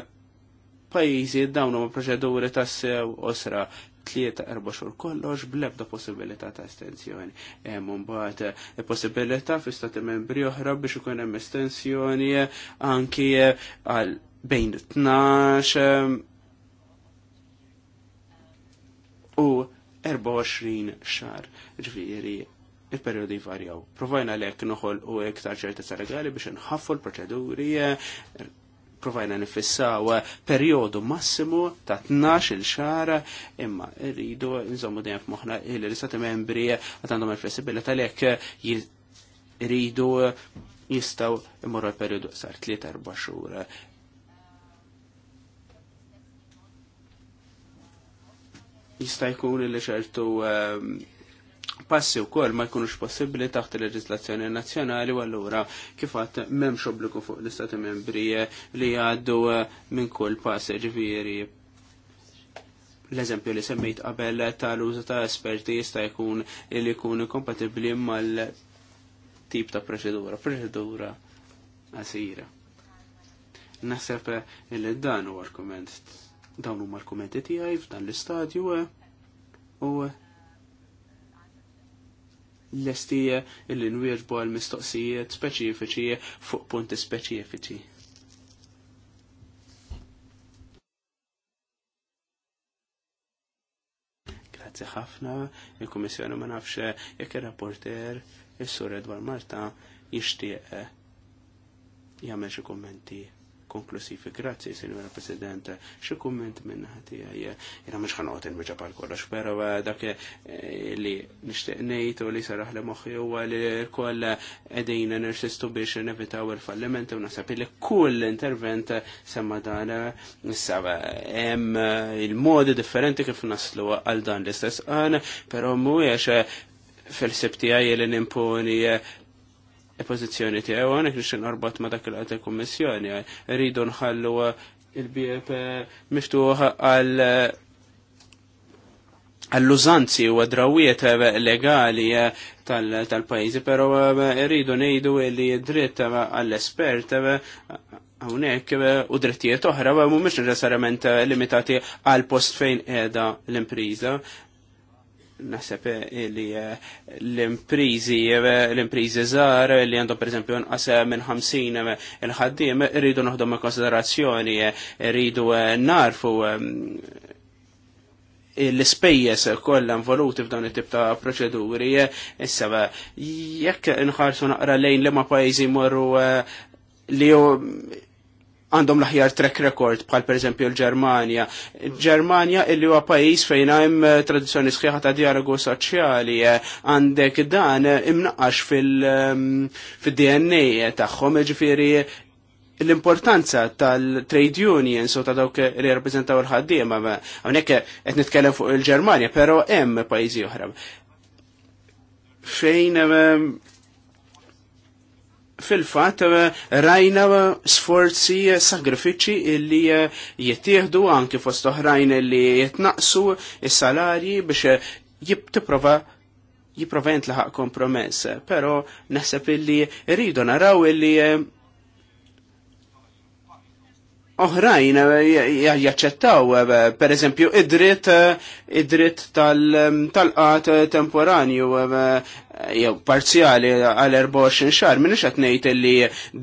pajjiżi dawn huma proċeduri tassew osra tlieta erba' xhur kollox bl-ebda possibilità ta' estensjoni. Hemm imbagħad eh, possibilità fi membri oħra biex ikun hemm estensjoni eh, anki għal bejn 12 u 24 xar. Ġviri, il-periodi varjaw. Provajna lek noħol u iktar ċertezza legali biex nħaffu l-proċeduri, provajna nifissaw periodu massimu ta' 12 xar imma rridu nżommu dejjem f'moħħna il-istati membri għat għandhom il-flessibilità lek rridu jistaw imorru periodu sar 3-4 xhur. jista' jkun li ċertu ehm, passi wkoll ma jkunux possibbli taħt il-leġislazzjoni nazzjonali u allura kifat memx m'hemmx obbligu fuq l-istati membri eh, li jgħaddu eh, minn kull passi ġifieri l-eżempju li semmejt qabel tal-użu ta' esperti jista' jkun li jkun kompatibbli mal-tip ta' proċedura, proċedura għasira. Naħseb il-dan u argument Dawn huma l-kumenti tiegħi f'dan l-istadju eh, u eh, l-estija eh, illi nwieġbu għal mistoqsijiet speċifiċi fuq punti speċifiċi. Grazzi ħafna, il-Kummissjoni ma nafx jekk ir-rapporter is-Sur Edward Marta jixtieq jagħmel xi kummenti konklusiv. Grazzi, Sinjora President, xi kumment minn ħatijaj. Jena mhux ħanqod il-biġa bħal kollox, però eh, dak eh, li nixtieq ngħid u li saraħ li moħħi huwa li l-koll qegħdin nirsistu biex nevitaw il-falliment u nasab li kull intervent semma dan issa eh, hemm il-modi differenti kif naslu għal dan l-istess qan, però mhuwiex fil-sibtijaj li nimponi il-pozizjoni tiegħu għonek nixin norbot ma dak il-għat il-kommissjoni, rridu nħallu il bip e miftuħ għal għall-użanzi u għadrawiet legali tal pajzi pero eh, rridu nejdu li dritt għall-espert għunek eh, eh, u drittijiet oħra, mux necessarjament limitati għal post fejn edha l-impriża. Naħseb eh, li eh, l-imprizi, eh, l-imprizi zar li għandu per esempio nqas minn 50 il-ħaddim, rridu noħdom konsiderazzjoni, rridu narfu l-spejjes kollha involuti f'dawn it-tip ta' proċeduri. Issa jekk nħarsu naqra lejn li ma' pajjiżi morru li għandhom l-aħjar track record bħal per eżempju l germania Germania illi huwa pajjiż fejn hemm eh, tradizzjoni sħiħa ta' dialogu soċjali eh, għandek dan eh, imnaqqax fil-DNA ehm, tagħhom, ġifieri l-importanza tal-trade unions u ta' dawk li jirrappreżentaw il-ħaddiem, hawnhekk qed nitkellem fuq il-Ġermanja, però hemm pajjiżi oħra. Fejn ehm, fil-fat eh, rajna sforzi eh, sagrifiċi illi eh, jittieħdu anki fost oħrajn illi jitnaqsu il-salari biex jibtiprova jiprova jintlaħaq kompromess. Pero naħseb illi rridu naraw illi oħrajn eh, jaċċettaw, eh, eh, per eżempju, id-dritt id-dritt mm, tal-qat temporanju jew parzjali għal 24 xar, minix qed ngħid li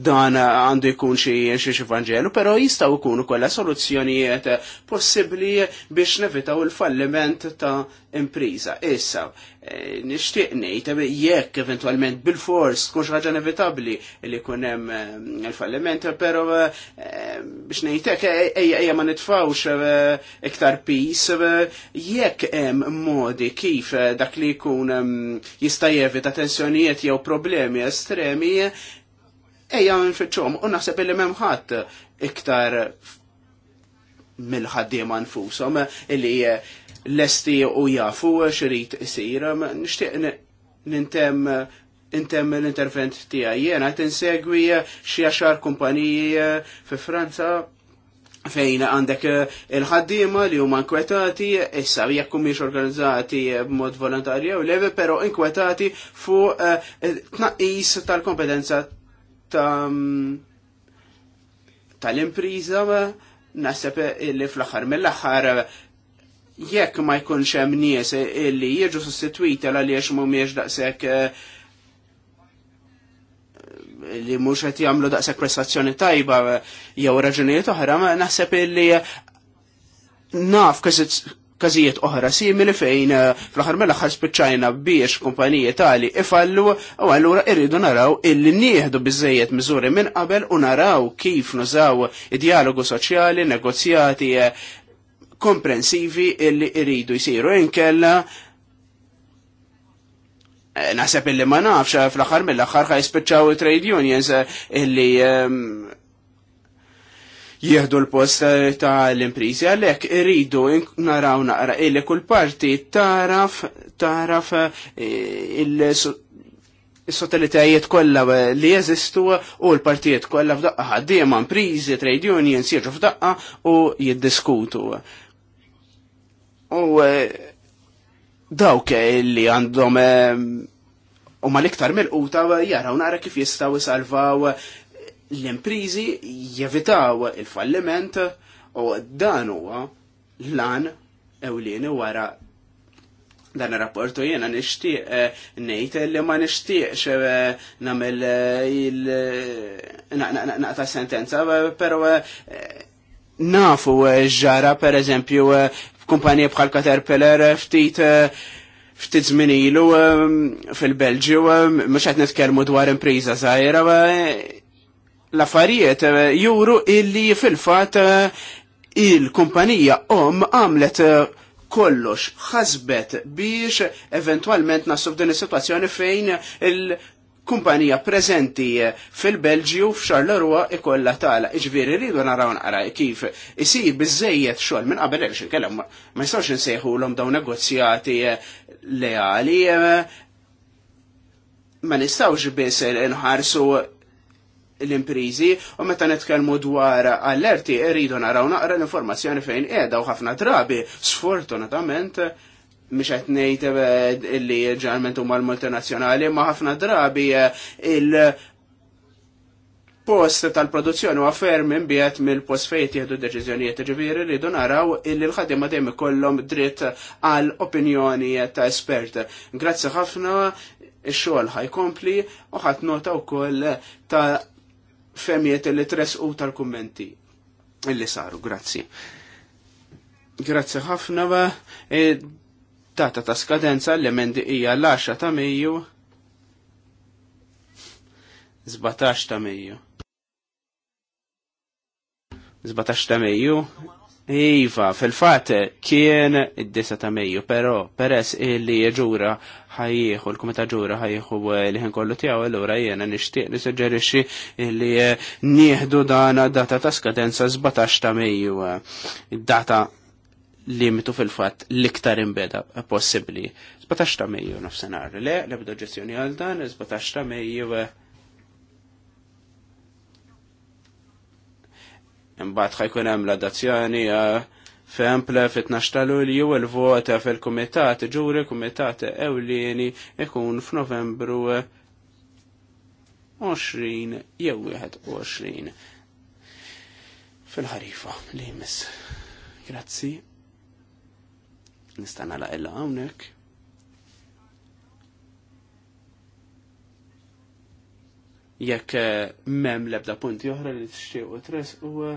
dan għandu jkun xi xi vanġelu, però jistgħu jkunu kollha soluzzjonijiet possibbli biex nevitaw il-falliment ta' impriża. Issa, Eh, nishtiq nejt, eh, jekk eventualment bil-fors, kux ħaġa inevitabli li kunem eh, il-falliment, pero biex nejtek, eja ma nitfawx iktar pis, jekk hemm modi kif dak li kun jista' jevita tensjonijiet jew problemi estremi, eja nfittxhom u naħseb li memħat iktar mill-ħaddiema nfushom li lesti u jafu sira, isir, um, nishtiq nintem uh, intem l-intervent tijaj. Jena tinsegwi uh, xie xar kumpaniji uh, fi Franza fejn għandek il-ħaddima li huma inkwetati, issa jekk mhix organizzati b'mod volontarju u leve, però inkwetati fuq tnaqqis tal-kompetenza um, tal-impriża naħseb li fl-aħħar mill-aħħar jekk ma jkunx hemm nies illi jiġu sostituiti għaliex mhumiex daqshekk eh, li mhux qed jagħmlu daqshekk prestazzjoni tajba jew raġunijiet oħra, ma naħseb illi naf każijiet oħra simili fejn eh, fl-aħħar mill-aħħar spiċċajna biex kumpaniji tali ifallu u allura irridu naraw illi nieħdu biżejjed miżuri minn qabel u naraw kif nużaw id-dialogu soċjali, negozjati eh, komprensivi illi iridu jisiru inkella eh, naħseb illi ma nafx eh, fl-axar mill-axar ħaj spiċċaw trade unions eh, illi ehm, jieħdu l-post ta' l-imprizi għalek irridu naraw naqra illi kull parti taraf taraf il-sotellitajiet kollha li jeżistu u l-partijiet kollha f'daqqa ħaddiema imprizi trade unions jiġu f'daqqa u jiddiskutu. U e, dawk li għandhom e, u ma liktar mill-quta jaraw nara kif jistaw salvaw l-imprizi jevitaw il-falliment u dan huwa lan ewlieni wara dan il-rapportu jena nishtiq e, nejt li ma nishtiqx namel naqta sentenza, pero nafu ġara per eżempju f'kumpanija bħal Caterpillar eh, ftit eh, ftit zminilu eh, fil-Belġju, mux għet netkelmu dwar impriża zaħira, l-affarijiet juru illi fil-fat il-kumpanija om għamlet kollox ħasbet biex eventualment nasub din is-sitwazzjoni fejn il- kumpanija prezenti eh, fil-Belġju f'Charleroi ikolla tala. Iġviri rridu naraw naqra kif isir biżejjed xogħol minn qabel għaliex kellhom ma jistgħux insejħu dawn negozjati eh, leali eh, ma nistgħux biss inħarsu l-imprizi u meta nitkellmu dwar allerti rridu naraw naqra l-informazzjoni fejn qiegħda u ħafna drabi sfortunatament mhux qed ngħid eh, illi ġarment huma l-multinazzjonali, ma ħafna drabi eh, il- post tal-produzzjoni u affer minn biet mill-post fejt jihdu deċizjonijiet ġiviri li donaraw illi l-ħadima dejjem ikollhom dritt għal opinjoni ta' espert. Grazzi ħafna, ix-xogħol ħajkompli u ħadd nota wkoll ta' femijiet li u tal-kummenti illi saru. Grazzi. Grazzi ħafna ba' eh, data ta' skadenza l-emendi hija l-10 ta' Mejju 17 ta' Mejju. 17 ta' Mejju Iva, fil-fat kien id-disa ta' Mejju, pero peress illi ġura ħajjieħu, l-kumita ġura ħajjieħu li ħin kollu tiegħu allura jiena nixtieq li suġġerixxi li eh, nieħdu dana data ta' skadenza 17 ta' Mejju. Data limitu fil-fat l-iktar imbeda possibli. 17 ta' Mejju nofsenar, le, l-ebda ġestjoni għal dan, 17 ta' Meju. Eh, imbagħad ħajkun hemm l-adazzjoni eh, f'emple fit-12 ta' Lulju il-vot fil-kumitat ġuri kumitat ewlieni ikun f'Novembru 20 eh, jew 21 fil-ħarifa li jmiss. Grazzi. Nistana la illa għawnek. Jekk eh, mem lebda punti oħra li t-xtieq u tres u eh,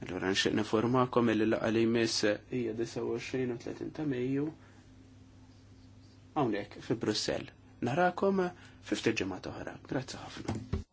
Allora nxieq nifurmakom il laqa li jmiss hija 29 u 30 ta' Mejju hawnhekk fi Brussell. Narakom fi ftit ġimgħa oħra. Grazzi ħafna.